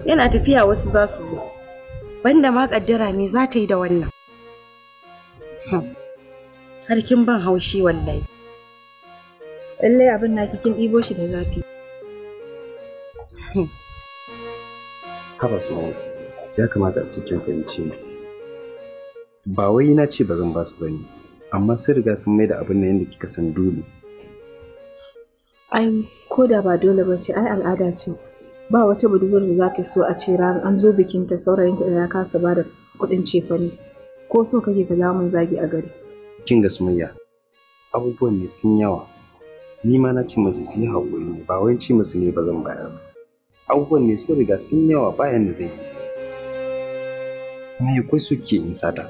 yana tafiya wasu za su zo banda ma kaddara me za ta yi da wannan har kin ban haushi wallahi lallai abin na kikin ibo shi da zafi haba su ya kamata a cikin fahimci ne ba wai na ce ba zan ba su ba ne amma sun riga sun mai da abin nan yadda kika san dole ai ko da ba dole ba ce ai al'ada ce ba wata budurwar da za ta so a ce ran an zo bikin ta saurayin ta ya kasa ba da kuɗin cefane ko so kake ka mun zagi a gari kin ga sumayya abubuwan ne sun yawa ni ma na ce masu su yi haƙuri ne ba wai ce masu ne ba zan bayar ba abubuwan ne sun riga sun yawa bayan da zai yi me kwai suke in sata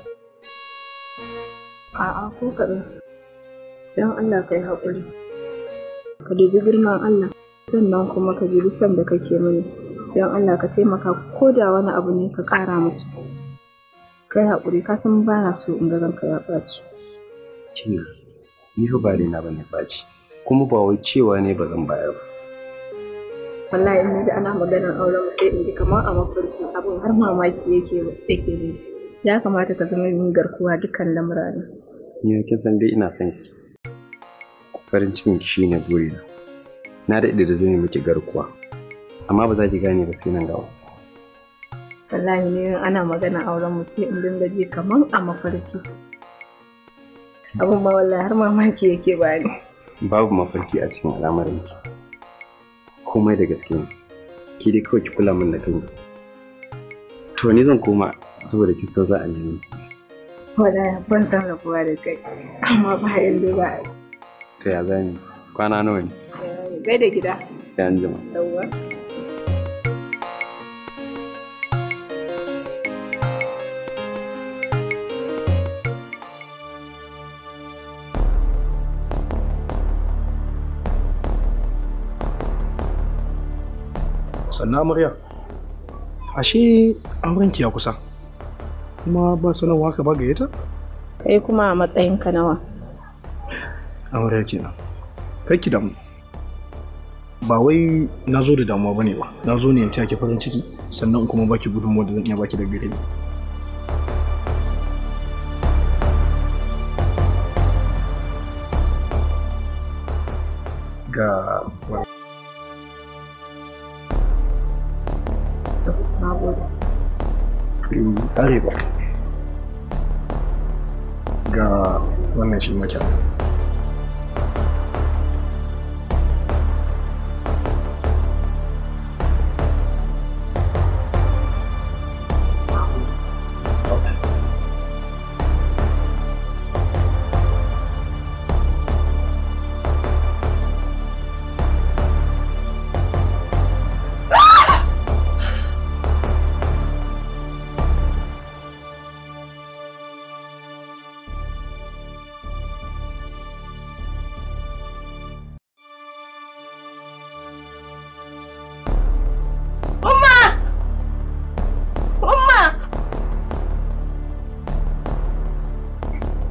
A'a ko kaɗan. Don Allah ka yi haƙuri. Ka dubi girman Allah, sannan kuma ka dubi son da kake mini. Don Allah ka taimaka ko da wani abu ne ka ƙara musu. Kai haƙuri, ka san ba na so in ga ranka ya ɓaci. Kina, ni fa ba na ba ɓaci, kuma ba wai cewa ne ba zan bayar ba. wallahi in ji ana maganar auren mu sai in ji kamar a mafarki abin har mamaki yake yake ne ya kamata ka zama yin garkuwa dukkan ne. ni kin san dai ina son ki farin cikin ki shine burina na daɗe da zai miki garkuwa amma ba za ki gane ba sai nan gaba. wallahi ne ana magana auren mu sai in dinga ji kaman a mafarki abin ba wallahi har mamaki yake bani babu mafarki a cikin al'amarin ki komai da gaske ne ki dai kawai ki kula min da kanki to ni zan koma saboda kin san za a nemi Wala ban san rabuwa da kai, amma ba yadda za a yi. To ya zai kwana nawa ne? Bai eh, da gida. Sai an jima. Yawwa. sannan murya ashe aurenki ya kusa kuma ba sanarwa ka ba gayyata? Kai kuma a matsayin ka nawa. ke nan. Kai ki damu. Ba wai na zo da damuwa bane ba. Na zo ne in ki farin ciki sannan kuma baki gudunmuwa da zan iya baki da gare ni. Ga eh, Arewa. ga wannan shi makyana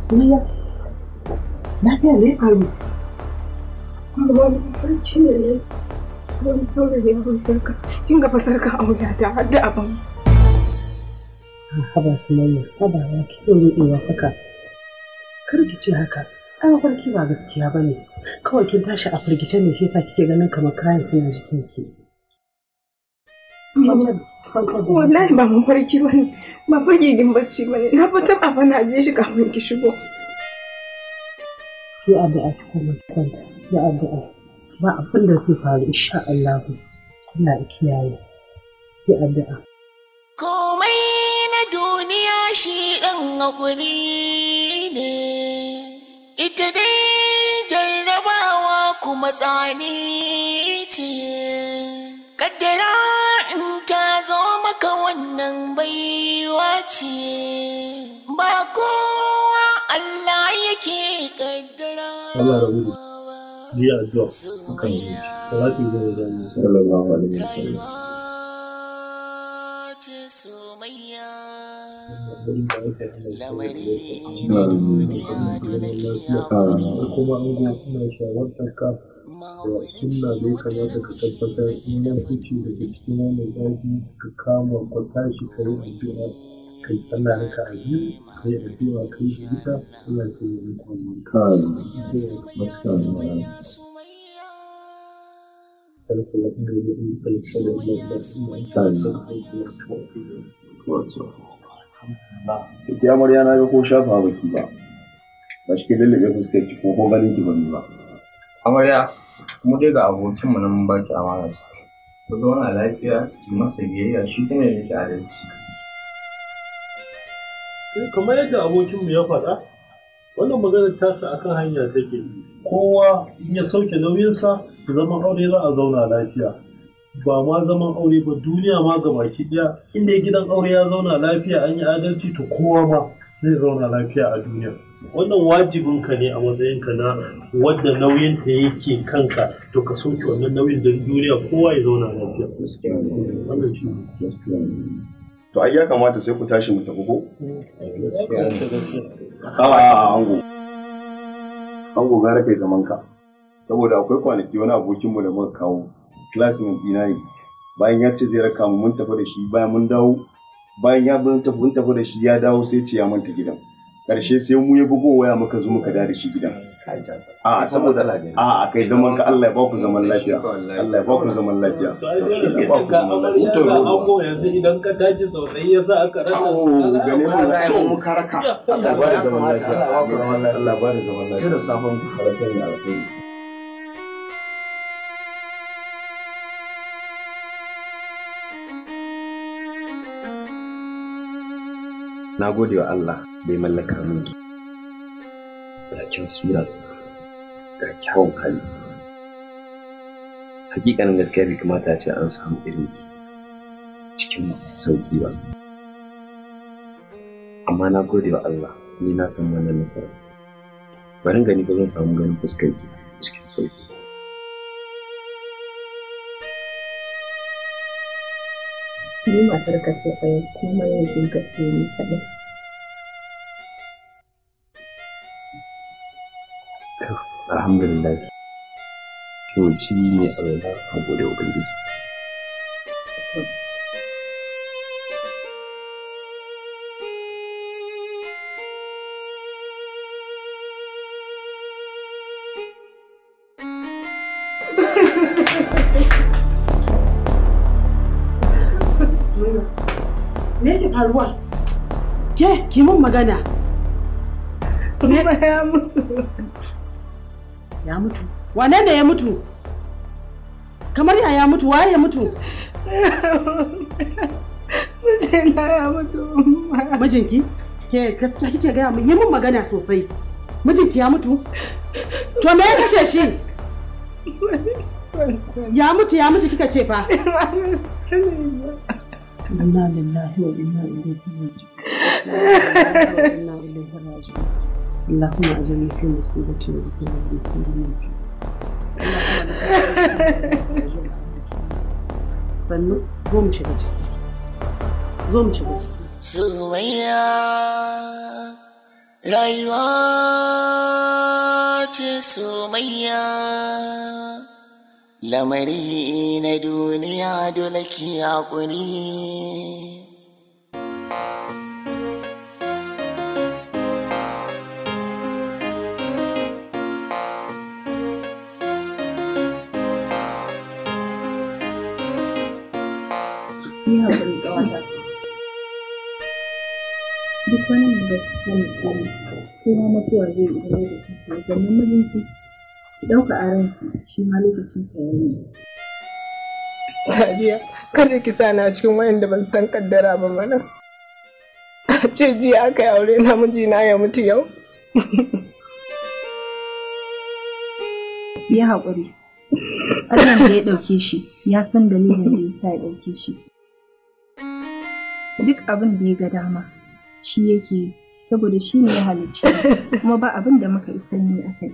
Suriya? Lafiya ne faru? Wani farci ne ne. Wani saurayi ya sarka. Kin gaba sarka a wuyata har da abin. Ah, haba su mamma, haba ya kike ruɗewa haka. Kar ki ce haka, An farki ba gaskiya ba ne. Kawai kin tashi a firgice ne shi yasa kike ganin kamar kayan suna jikin ki. Wallahi ba mafarki ba ne. Ba fa gigin bacci ba ne, na fita a na je shi kafin ki shigo. Ki addu'a ki kuma kwanta, ya addu'a. Ba abin da zai faru insha Allah kuna kiyaye. Ki addu'a. Komai na duniya shi ɗan hakuri ne, ita dai jarrabawa kuma tsani ce. Kaddara wannan baiwa ce ba kowa Allah yake kaddara Allah rabu bi addu'a akan yi salati ga manzon sallallahu alaihi wasallam lamari ne duniya kuma an go kuma shawartar ka suna da kamata ka tabbatar in ya da daga cikin wannan ɗaki ka kama ka tashi ka yi addu'a ka yi sallah a biyu ka yi addu'a ka yi shirka Allah ya kai wani kwanan kan maska da mara. Ita amarya na ga ko shafa baki ba, ba shi ke lallabe fuskar ko ko ganin ki ba ni ba. Amarya, mu dai ga abokin mu nan baki amana ku zauna lafiya ki masa biyayya shi kuma ya miki adalci eh, kamar yadda abokin mu ya faɗa wannan maganar sa akan hanya take kowa in ya sauke nauyinsa zaman aure za a zauna lafiya ba ma zaman aure ba duniya ma ga baki ɗaya inda gidan aure ya zauna lafiya an yi adalci to kowa ba. zai zauna lafiya a duniya wannan wajibin ka ne a matsayin ka na wadda nauyin ta yake kanka to ka soke wannan nauyin don duniya kowa ya zauna lafiya to ai ya kamata sai ku tashi mu tafi ko a ah, ango ango gara kai zaman ka saboda akwai kwanaki wani abokin mu da muka kawo classmate dina ne bayan ya ce zai raka mu mun tafi da shi bayan mun dawo bayan ya bin tafi in tafi da shi ya dawo sai ce ya manta gidan karshe sai mu ya bugo waya muka zo muka da shi gidan a saboda a a kai zaman ka Allah ya ba ku zaman lafiya Allah ya ba ku zaman lafiya to yanzu idan ka tashi sau ya sa aka rasa gane mu ra'ayi mu karaka Allah ba da zaman lafiya Allah ba da zaman lafiya sai da safan ku fara sanya na gode wa Allah bai mallaka mun ki da sura da kyawun hali hakikanin gaskiya bai kamata ce an samu irin ki cikin sauki ba amma na gode wa Allah ni na san wannan nasara bari gani ba zan samu ganin fuskar ki cikin sauki ni matar ka ce ɗaya kuma yankin ka ce ni kaɗai. To, alhamdulillah. To, shi ne a bai na gode Ubangiji. To, Ke, ki mun magana. (laughs) ya mutu. Ya mutu. Wane ne ya mutu? Kamar ya ya mutu, waye ya mutu? (laughs) Mijina ya mutu. Mijinki? Ke gaskiya kike gaya mun yi mun magana sosai. Mijinki ya mutu? To me ya kashe shi? (laughs) Ya mutu ya mutu kika ce fa. inna lillahi wa inna ilaihi raji'un اللهم اجرني في مصيبتي وبكرمي كل ملك sannu zo mu shiga ciki zo mu shiga ciki soyayya rayuwa ce soyayya lamari na duniya dole ki haƙuri duk wani da suke mutum kowa mutuwa zai iya da kansa zaman mijinki ki ɗauka a ranki shi ma lokacin sa Sadiya, kada ki sa na cikin wayanda ban san kaddara ba mana. ce jiya aka yi aure na ya mutu yau. Ya haƙuri. Allah da ya ɗauke shi ya san dalilin da ya sa ya ɗauke shi. Duk abin da ya ga dama shi yake saboda shi ne ya halicci kuma ba abin da muka isa ne a kai.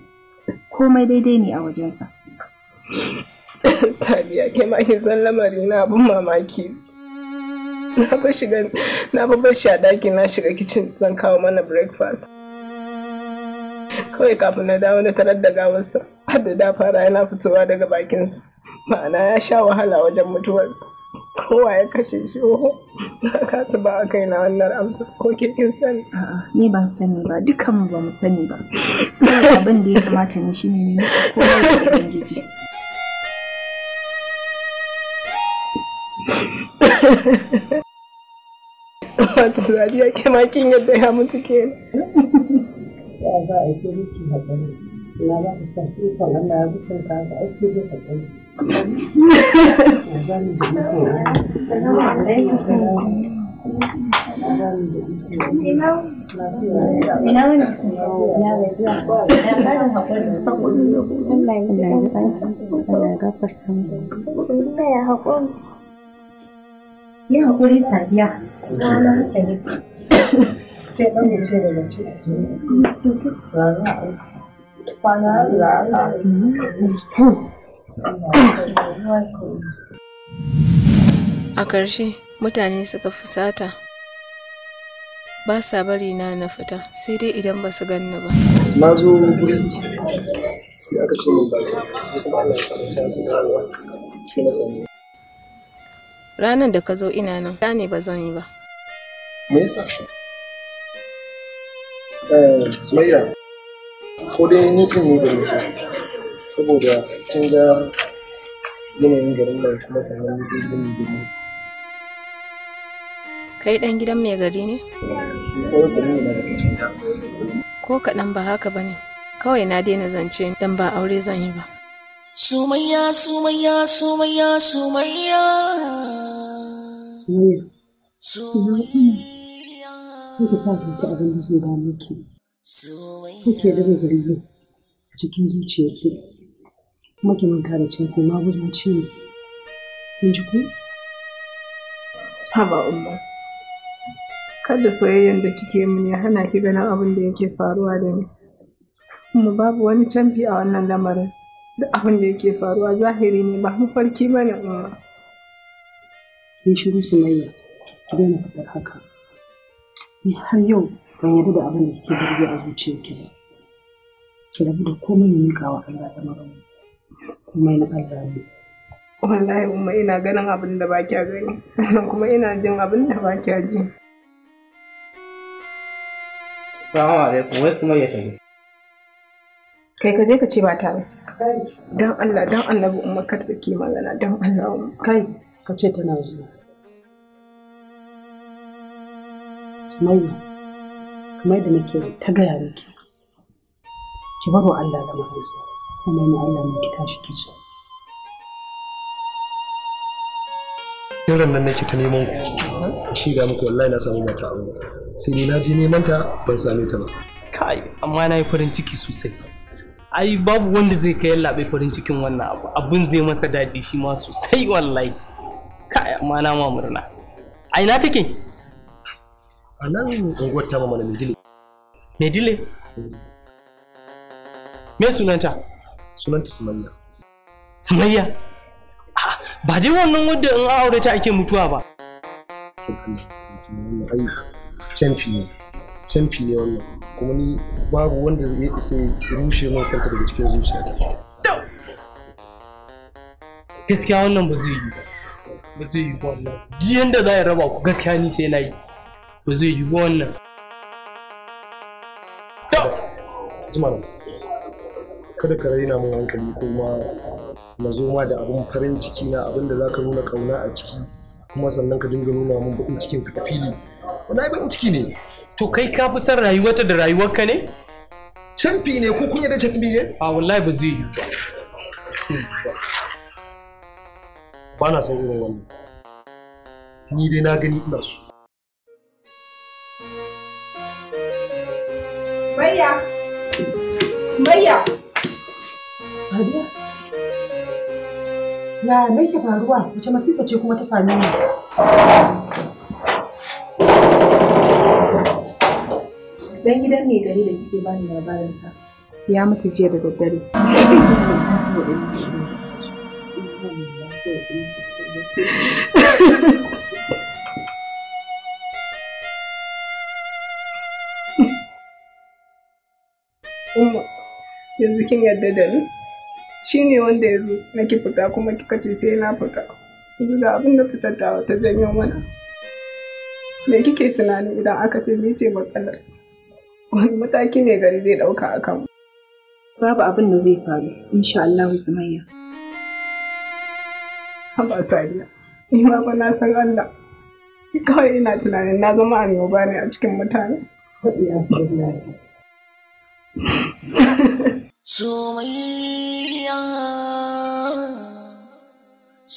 komai daidai ne a wajensa taliya ke ma zan lamari na abin mamaki na ba shiga a daki na shiga kicin zan kawo mana breakfast kawai kafin na dawo na tarar da gawarsa har da da fara yana fitowa daga bakinsa ma'ana ya sha wahala wajen mutuwarsa kowa ya kashe shi na kasu ba a kai na wannan amsa ko ke kin sani ni ban sani ba dukkan mu ba mu sani ba abin da ya kamata ne shine ne kowa ya Wata wato ya ke makin yadda ya mutu ke ya za a yi sai miki haɗari na za ta sa ikon na ya hukunta ka ai sai Yi haƙuri sadiya, da a ƙarshe mutane suka fusata ba sa bari na na fita sai dai idan ba su ganni ba na zo guri sai aka ce ba sai kuma Allah ya samu ta sai na sani ranar da ka zo ina nan ta ne ba zan yi ba me yasa eh sumayya ko dai ni kin ne da saboda kin ga yanayin garin nan kuma sannan yi gini gini kai ɗan gidan mai gari ne ko kaɗan ba haka ba ne kawai na daina zance dan ba aure zan yi ba sumayya sumayya sumayya sumayya sumayya sa sumayya abin da zai sumayya sumayya sumayya sumayya sumayya sumayya cikin zuciyarki. kuma ki manta da cin koma wajen ci ne kin ji ku haba umma kada soyayyen da kike min ya hana ki ganin abin da yake faruwa da ni kuma babu wani canfi a wannan lamarin da abin da yake faruwa zahiri ne ba mafarki ba ne umma kin shiru sumayya ki daina fitar haka ni har yau ban yarda da abin da kike zargi a zuciyarki ba ki rabu da komai ne wa Allah da maramu kuma na Allah ne wallahi umma ina ganin abin da ba kya gani sannan kuma ina jin abin da ba kya ji Assalamu alaikum wai kuma ya tafi kai ka je ka ce ba tare. Don Allah dan annabi umma ka take magana dan Allah kai ka ce tana zuwa Sumayya kamar da nake ta gaya miki ki baro Allah da mahaifinsa kuma na Allah mai kita shi kici irin nan nake ta neman ku shi ga muku wallahi na samu mata aure sai ni na je neman ta ban same ta ba kai amma na yi farin ciki sosai ai babu wanda zai kai labe farin cikin wannan abu Abun zai masa daɗi shi ma sosai wallahi kai amma na ma murna ai na take a nan unguwar ta mai dile. Mai dile? me sunanta sunanta samayya. Samayya? Ah, ba dai wannan wadda in aure ta ake mutuwa ba canfi ne canfi ne wannan kuma ni babu wanda zai isa rushe min santa daga cikin zuciya gaskiya wannan ba zai yi ba ba zai yi ba wannan duk yanda za a raba ku gaskiya ni sai na yi ba zai yi ba wannan to kada ka raina min hankali kuma na zo ma da abin farin ciki na abin da zaka nuna kauna a ciki kuma sannan ka dinga nuna mun bakin cikin ka fili wani bakin ciki ne to kai ka fi son rayuwarta da rayuwarka ne canfi ne ko kun da canfi ne a wallahi ba zai yi ba na son irin wannan ni dai na gani ina so Maya! Maya! Sadiya? Ya me ke faruwa? Wace masifa ce kuma ta same ni? Dan gidan ne gari da kike bani labarinsa. Ya mutu jiya da daddare. yanzu kin yarda da ni? shi ne wanda ya zo na ki fita kuma kika ce sai na fita yanzu da abin da fitar da ta janyo mana me kike tunani idan aka ce ni ce matsalar wani mataki ne gari zai dauka a kan babu abin da zai faru insha Allah Zumayya haba sariya ni ma ba na san Allah kawai ina tunanin na zama annoba ne a cikin mutane Sumaiya.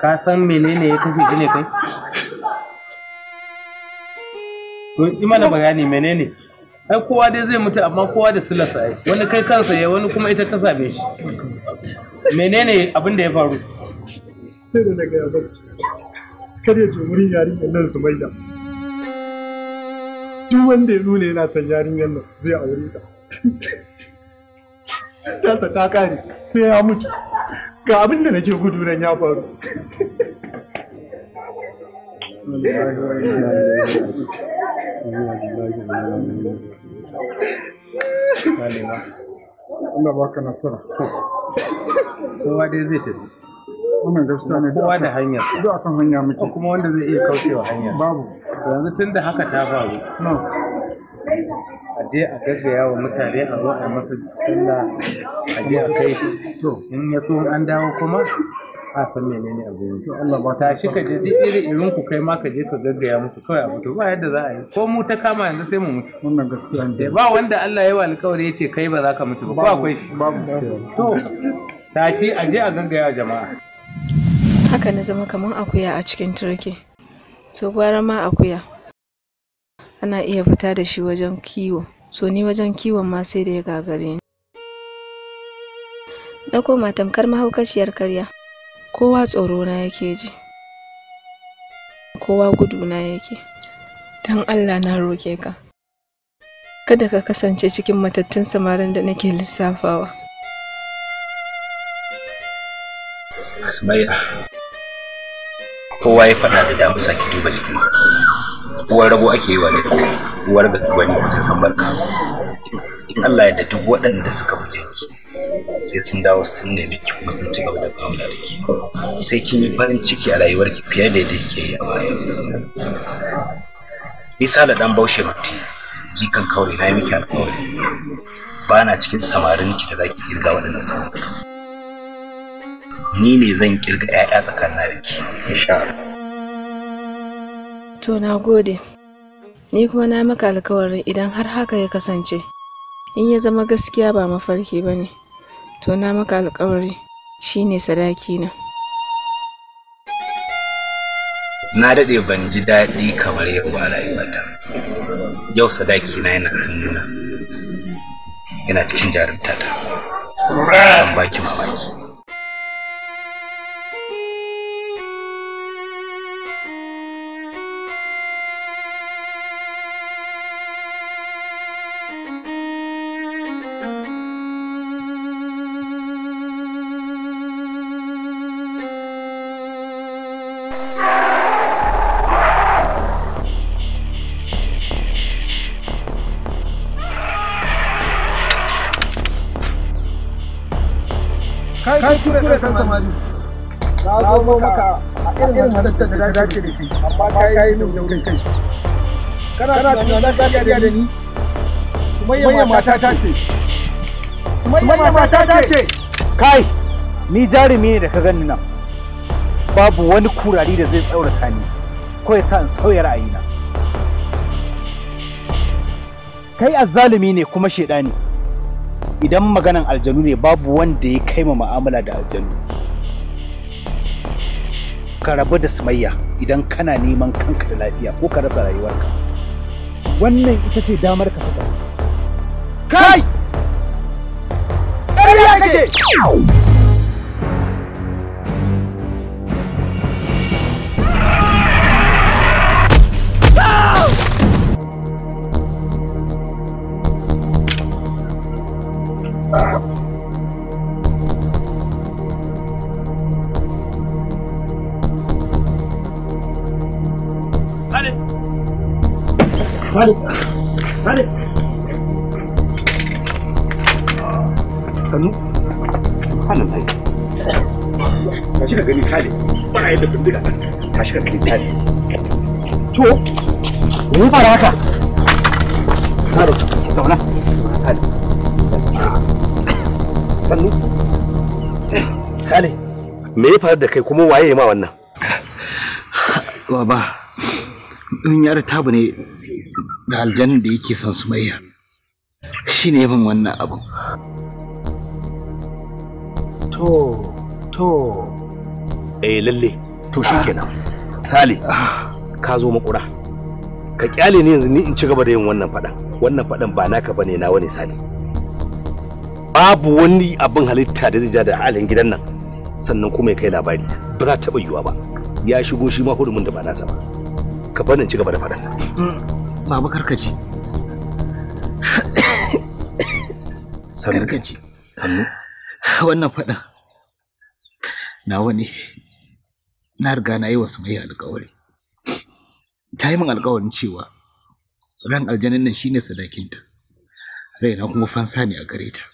ka san menene ya tafi ne kai yi mana bayani menene ai kowa dai zai mutu amma kowa da silasa ai wani kai kansa ya wani kuma ita ta same shi menene abin da ya faru sai da daga yabas kar ya jumuri yarinyar nan su maida duk wanda ya nuna yana son yarinyar nan zai aure ta (laughs) tasa ta kare sai ya mutu ga abin da nake gudu nan ya faru Allah ba ka nasara. Kowa dai zai tafi. Wannan gaskiya ne. Kowa da hanya. Duk akan hanya muke. Kuma wanda zai iya kaucewa hanya. Babu. Yanzu tun da haka ta faru. a je a gaggaya wa mutane a zo a masa sallah a je a kai to in ya so an dawo kuma a san menene a gurin to Allah ba ta shi ka je duk iri irin ku kai ma ka je ka gaggaya musu kawai a mutu ba yadda za a yi ko mu ta kama yanzu sai mu mutu wannan gaskiya ne ba wanda Allah ya yi alƙawari ya ce kai ba za ka mutu ba ko akwai shi to tashi a je a gaggaya jama'a haka na zama kamar akuya a cikin turke to gwara ma akuya ana iya fita da shi wajen kiwo so ni wajen kiwon ma sai da ya gagare ni na koma tamkar mahaukaciyar karya kowa tsoro na yake ji kowa gudu na yake don allah na roke ka kada ka kasance cikin matattun samarin da nake lissafawa kowa ya faɗa da damu sake duba jikinsa uwar rago ake yi wa da uwar ga ne, sai san barka in Allah ya da duk waɗanda suka fita ki sai sun dawo sun nemi ki kuma sun ci gaba da kauna da ki sai kin yi farin ciki a rayuwar ki fiye da yadda ke yi a baya misali dan baushe mutti jikan kaure na yi miki alƙawari ba na cikin samarin ki da zaki ki kirga sun sauran ni ne zan kirga 'ya'ya tsakanin da ki insha Allah To na gode. Ni kuma na maka alkawarin idan har haka ya kasance, in ya zama gaskiya ba mafarki ba ne, to na maka alkawari shi ne sadaki na. Na daɗe ban ji daɗi kamar yau ba rayuwata. Yau sadaki na yana hannuna, yana cikin ta. Ban baki mamaki. maka ka yi kai tunanin da ni sumayya mata ta ce mata ce kai ni jarumi ne da ka gani nan babu wani kurari da zai tsaurata ni ko sa in sauya ra'ayina kai azzalumi ne kuma shedani idan maganan aljanu ne babu wanda ya kai ma mu'amala da aljanu ka rabu da sumayya idan kana neman kanka da lafiya ko ka rasa rayuwarka wannan ita ce damar ka saka kai ƙarya kake Sadiq. Sadiq. Sannu. Hannun sai. Ka shiga gani Sadiq. Ba a yi da bindiga. Ka shiga gani Sadiq. To, me fara haka? Sadiq, zauna. Sadiq. Sannu. Sale, me ya faru da kai kuma waye ma wannan? Baba, in yar tabu ne da aljan da yake son sumayya shi ne min wannan abu to to eh lalle to shi kenan sale ah. ka zo makura ka kyale ni yanzu ni in ci gaba da yin wannan fadan wannan fadan ba naka bane na wani sale babu wani abin halitta da zai ja da halin gidan nan sannan kuma kai labari ba za ta yiwuwa ba ya shigo shi ma hurumin da ba nasa ba ka bani ci gaba da fadan baba karkace karkace sannu wannan faɗa nawa ne na riga na yi su mai alkawari ta yi min alkawarin cewa ran aljanin nan shine sadakinta na kuma fansa ne a gare ta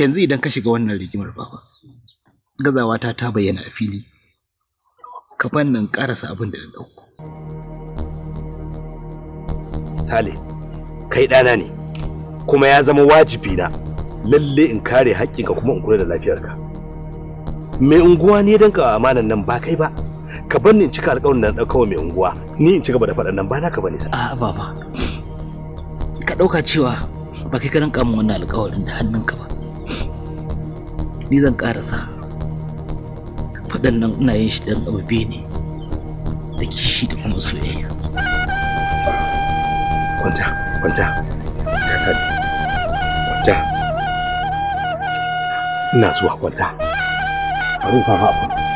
yanzu idan ka shiga wannan rigimar baba gazawa ta ta bayyana a fili ka fannin karasa abin da na dauko Sale, kai ɗana ne, kuma ya zama wajibi na lalle in kare haƙƙinka kuma in kula da lafiyarka. Mai unguwa ne don ka amanan nan ba kai ba, ka bar ni in cika alƙawarin da na ɗauka mai unguwa, ni in ci gaba da faɗan nan ba na ka bane sa. A'a baba, ka ɗauka cewa ba kai ka rinƙa min wannan alƙawarin da hannunka ba. Ni zan ƙarasa faɗan nan ina yin shi ɗan ɗaube ne da kishi da kuma soyayya. kwanta kwanta ka kwanta ina zuwa kwanta a ma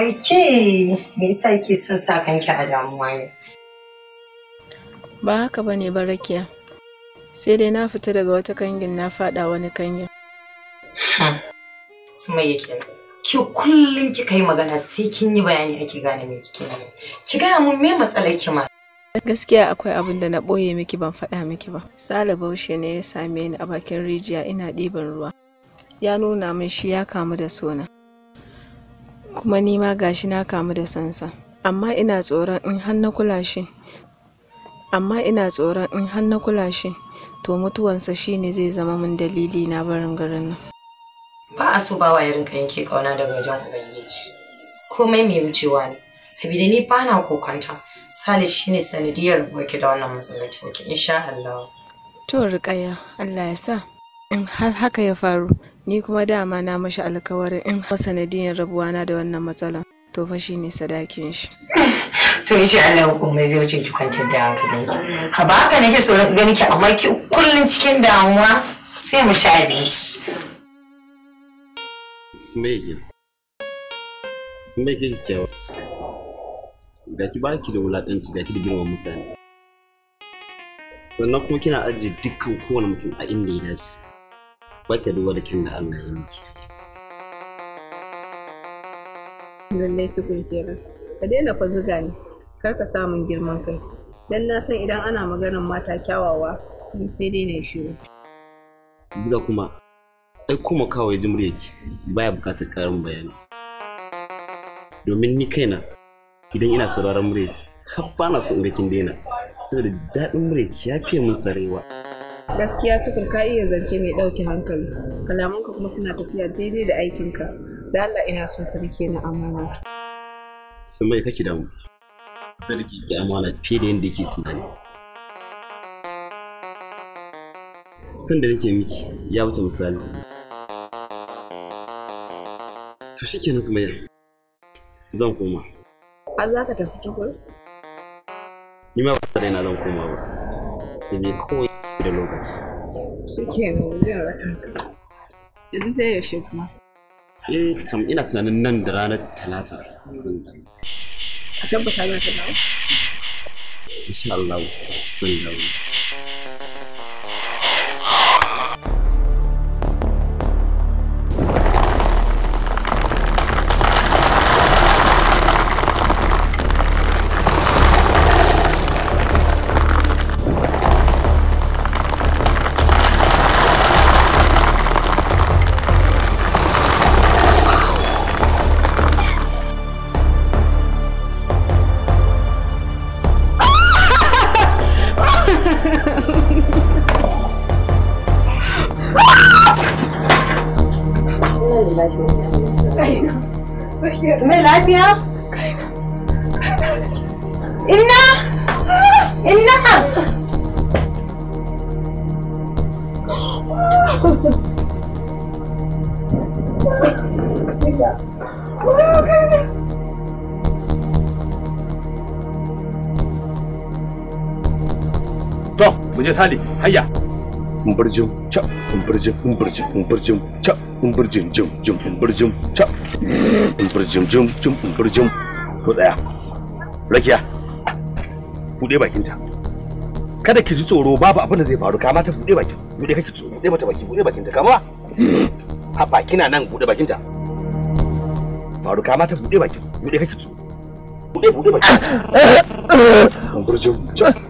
Wai me yasa ke son sa kanki a damuwa ne? Ba haka bane ba rakiya. Sai dai na fita daga wata kangin na fada wani kangin. yi kenan. Ki kullum ki yi magana sai kin yi bayani ake gane me kike yi. Ki gaya mun me matsalar ki ma. Gaskiya akwai abin da na ɓoye miki ban faɗa miki ba. Sale Baushe ne ya same ni a bakin rijiya ina ɗiban ruwa. Ya nuna min shi ya kamu da sona. kuma ni ma gashi na kamu da sansa amma ina tsoron in har na kula shi amma ina tsoron in har na kula shi to mutuwansa shine zai zama min dalili na barin garin nan ba a so bawa ya rinka yanke kauna daga wajen ubangiji komai mai wucewa ne saboda ni ba na kokonta sale shine sanadiyar goke da wannan matsalar take insha Allah to riƙaya Allah ya sa in har haka ya faru ni kuma dama na mashi alkawarin in ha sanadiyar rabuwana da wannan matsalan to fa shine sadakin shi to shi Allah kuma zai wuce ki kwantar da hankalinki ka ba haka nake so gani ki amma ki kullun cikin damuwa sai mu ci abinci Smegil Smegil kyawa ga ki ba ki da wulaƙanci ga ki da girman mutane sannan kuma kina ajiye dukkan kowane mutum a inda ya dace bata da warkin da Allah ya miki lallai tukun kenan ka daina fa zuga ni kar ka sa samun girman kai dan na san idan ana maganar mata kyawawa ni sai dai na shiru zuga kuma ai kuma kawai jimre ki baya bukatar karin bayani domin ni kaina idan ina sauraron mureki har ba na so in ga kin daina saboda daɗin mureki ya fiye min sarewa. gaskiya tukun ka iya zance mai ɗauki hankali kalamanka kuma suna tafiya daidai da aikinka da Allah ina son ka rike na amana mai kake damu sarki ki amana fiye da yadda yake tunani san da nake miki ya wuce misali to shikenan sumayya zan koma a za ka tafi tukur ni ma ba da na zan koma ba sai dai kawai da lokaci shikenan zan raka yanzu sai yaushe kuma eh sam ina tunanin nan da ranar talata zan dawo a tabbata za ka dawo insha Allah zan dawo umburjin umburjin umburjin ca umburjin to rakiya bakinta kada ki ji tsoro babu abin da zai faru kama ta buɗe bakin buɗe kake tsoro buɗe mata baki buɗe kama ha kina nan buɗe bakinta faru kama ta buɗe bakin buɗe kake tsoro buɗe buɗe bakin (coughs)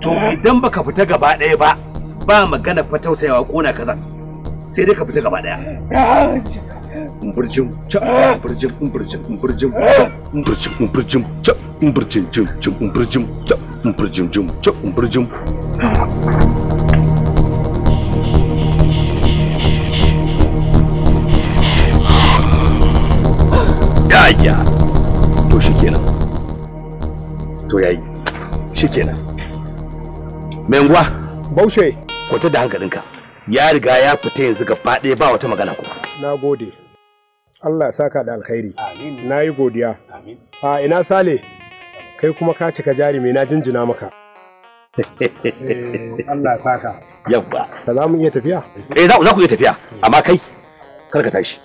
to idan baka fita gaba ɗaya ba ba magana fa tausayawa kona kaza sai dai ka fita gaba ɗaya umburjin umburjin umburjin umburjin umburjin umburjin umburjin umburjin yaya to shikenan to yayi shikenan Menguwa, Bauchi. baushe kwata da hankalinka ya riga ya fita yanzu gaba ɗaya ba wata magana kuma na gode Allah ya saka da alkhairi na yi godiya a ina sale kai kuma ka cika jari mai na jinjina maka eh, Allah ya saka yabba ka za mu iya tafiya eh za ku iya tafiya amma kai kar ka tashi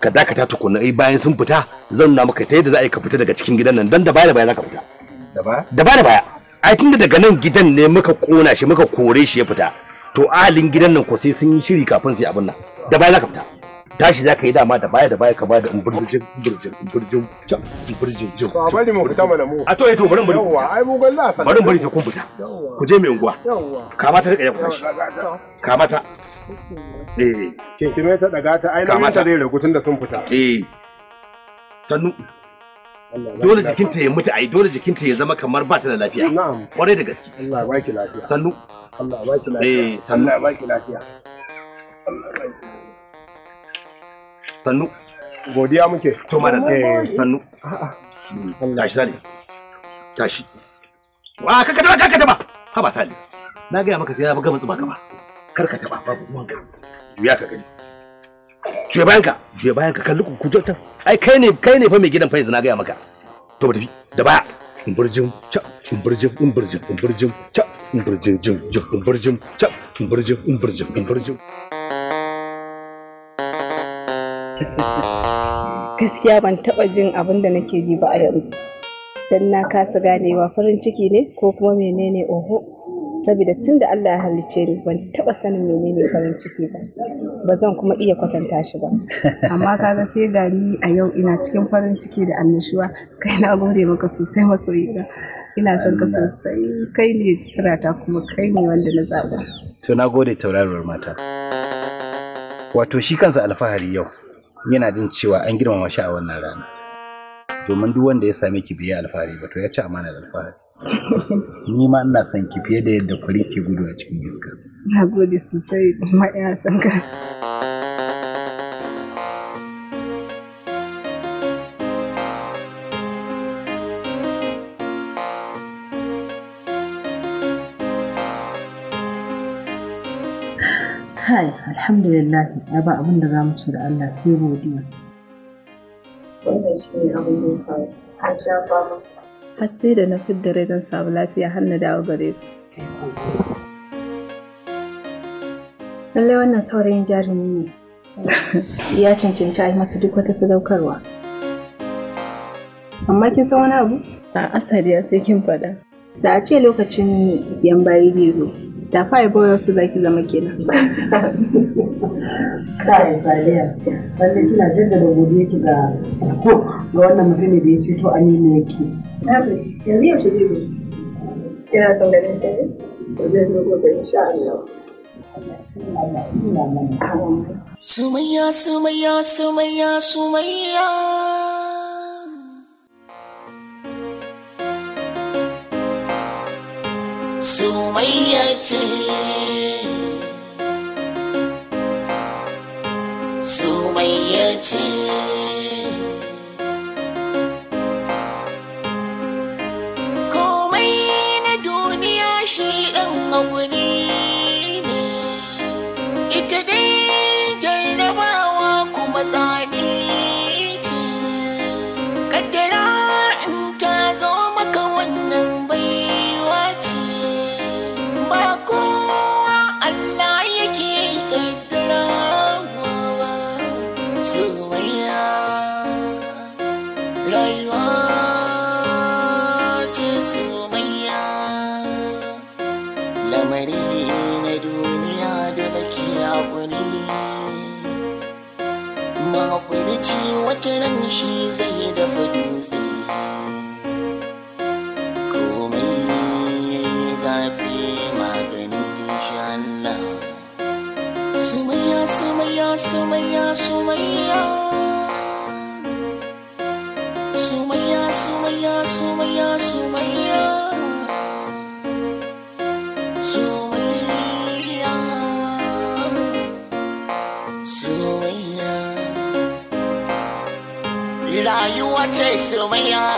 ka dakata tukuna ai eh, bayan sun fita zan nuna maka ta yadda za a yi ka fita daga cikin gidan nan dan da baya da baya za ka fita da baya da baya ai tunda daga nan gidan ne muka kona shi muka kore shi ya fita to alin gidan nan ko sai sun yi shiri kafin su yi abin nan da baya za ka fita tashi za ka yi dama da baya da baya ka ba da burjin burjin burjin burjin jin to bari mu fita malamu a to eh to bari bari yawa ai mu galla fa bari bari ta kun fita ku je mai unguwa kama ta rika ya shi kama ta eh kinkime ta daga ta ai nan ta zai ragu tunda sun fita eh sannu dole jikinta ya mutu ai dole jikinta ya zama kamar ba ta da lafiya kwarai da gaske Allah ya baki lafiya sannu Allah ya baki lafiya eh sannu Allah ba ki lafiya sannu godiya muke to madan eh sannu tashi sani tashi wa ka ka taba ka ka taba ha ba sani na ga maka sai ya ga mutu ba ka ba kar ka taba babu ruwanka juya ka gani Juya bayan ka, juya bayan ka kalli ku jautan. Ai kai ne kai ne fa mai gidan fa yanzu na gaya maka. To ba tafi da baya. Umburjin ca umburjin umburjin umburjin ca umburjin jin jin umburjin ca umburjin umburjin umburjin. Gaskiya ban taɓa jin abin da nake ji ba a yanzu. Dan na kasa ganewa farin ciki ne ko kuma menene oho. saboda tun da Allah ya halice ni ban taba sanin menene farin ciki ba ba zan kuma iya kwatanta shi ba (laughs) amma ka ga sai da ni a yau ina cikin farin ciki da annashuwa kai na gode maka sosai masoyi ina son ka sosai kai ne sirata kuma kai ne wanda na zaba to na gode tauraruwar mata wato shi kansa alfahari yau yana jin cewa an girmama shi a wannan rana domin duk wanda ya same ki biya alfahari ba to ya ci amana da alfahari ni ma ina son ki fiye da yadda kwari ke gudu a cikin iska na gode sosai ma ina son ka Hai, alhamdulillah ya ba abin da za mu ci da Allah sai godiya wannan shi ne abin da ya faru an sha fama har sai da na fidda da zan samu lafiya har na dawo gare ku. Lallai wannan saurayin jarumi ne. (laughs) Ya cancanci a yi masa duk wata sadaukarwa. Amma kin san wani abu? A asali ya sai kin faɗa. Da a ce lokacin siyan bayi bai zo, da fa bawa wasu zaki zama kenan. (laughs) Kai Saliya, wanda kina jaddada godiyarki ga ga wannan mutumin da ya ceto ne yake. Na ah, gaji, yanzu yaushe zai zo. Yana son ganin ta ne? Zai zo gobe insha Allah. Sumayya, Sumayya, Sumayya, Sumayya. Sumayya ce Sumayya ce Yeah.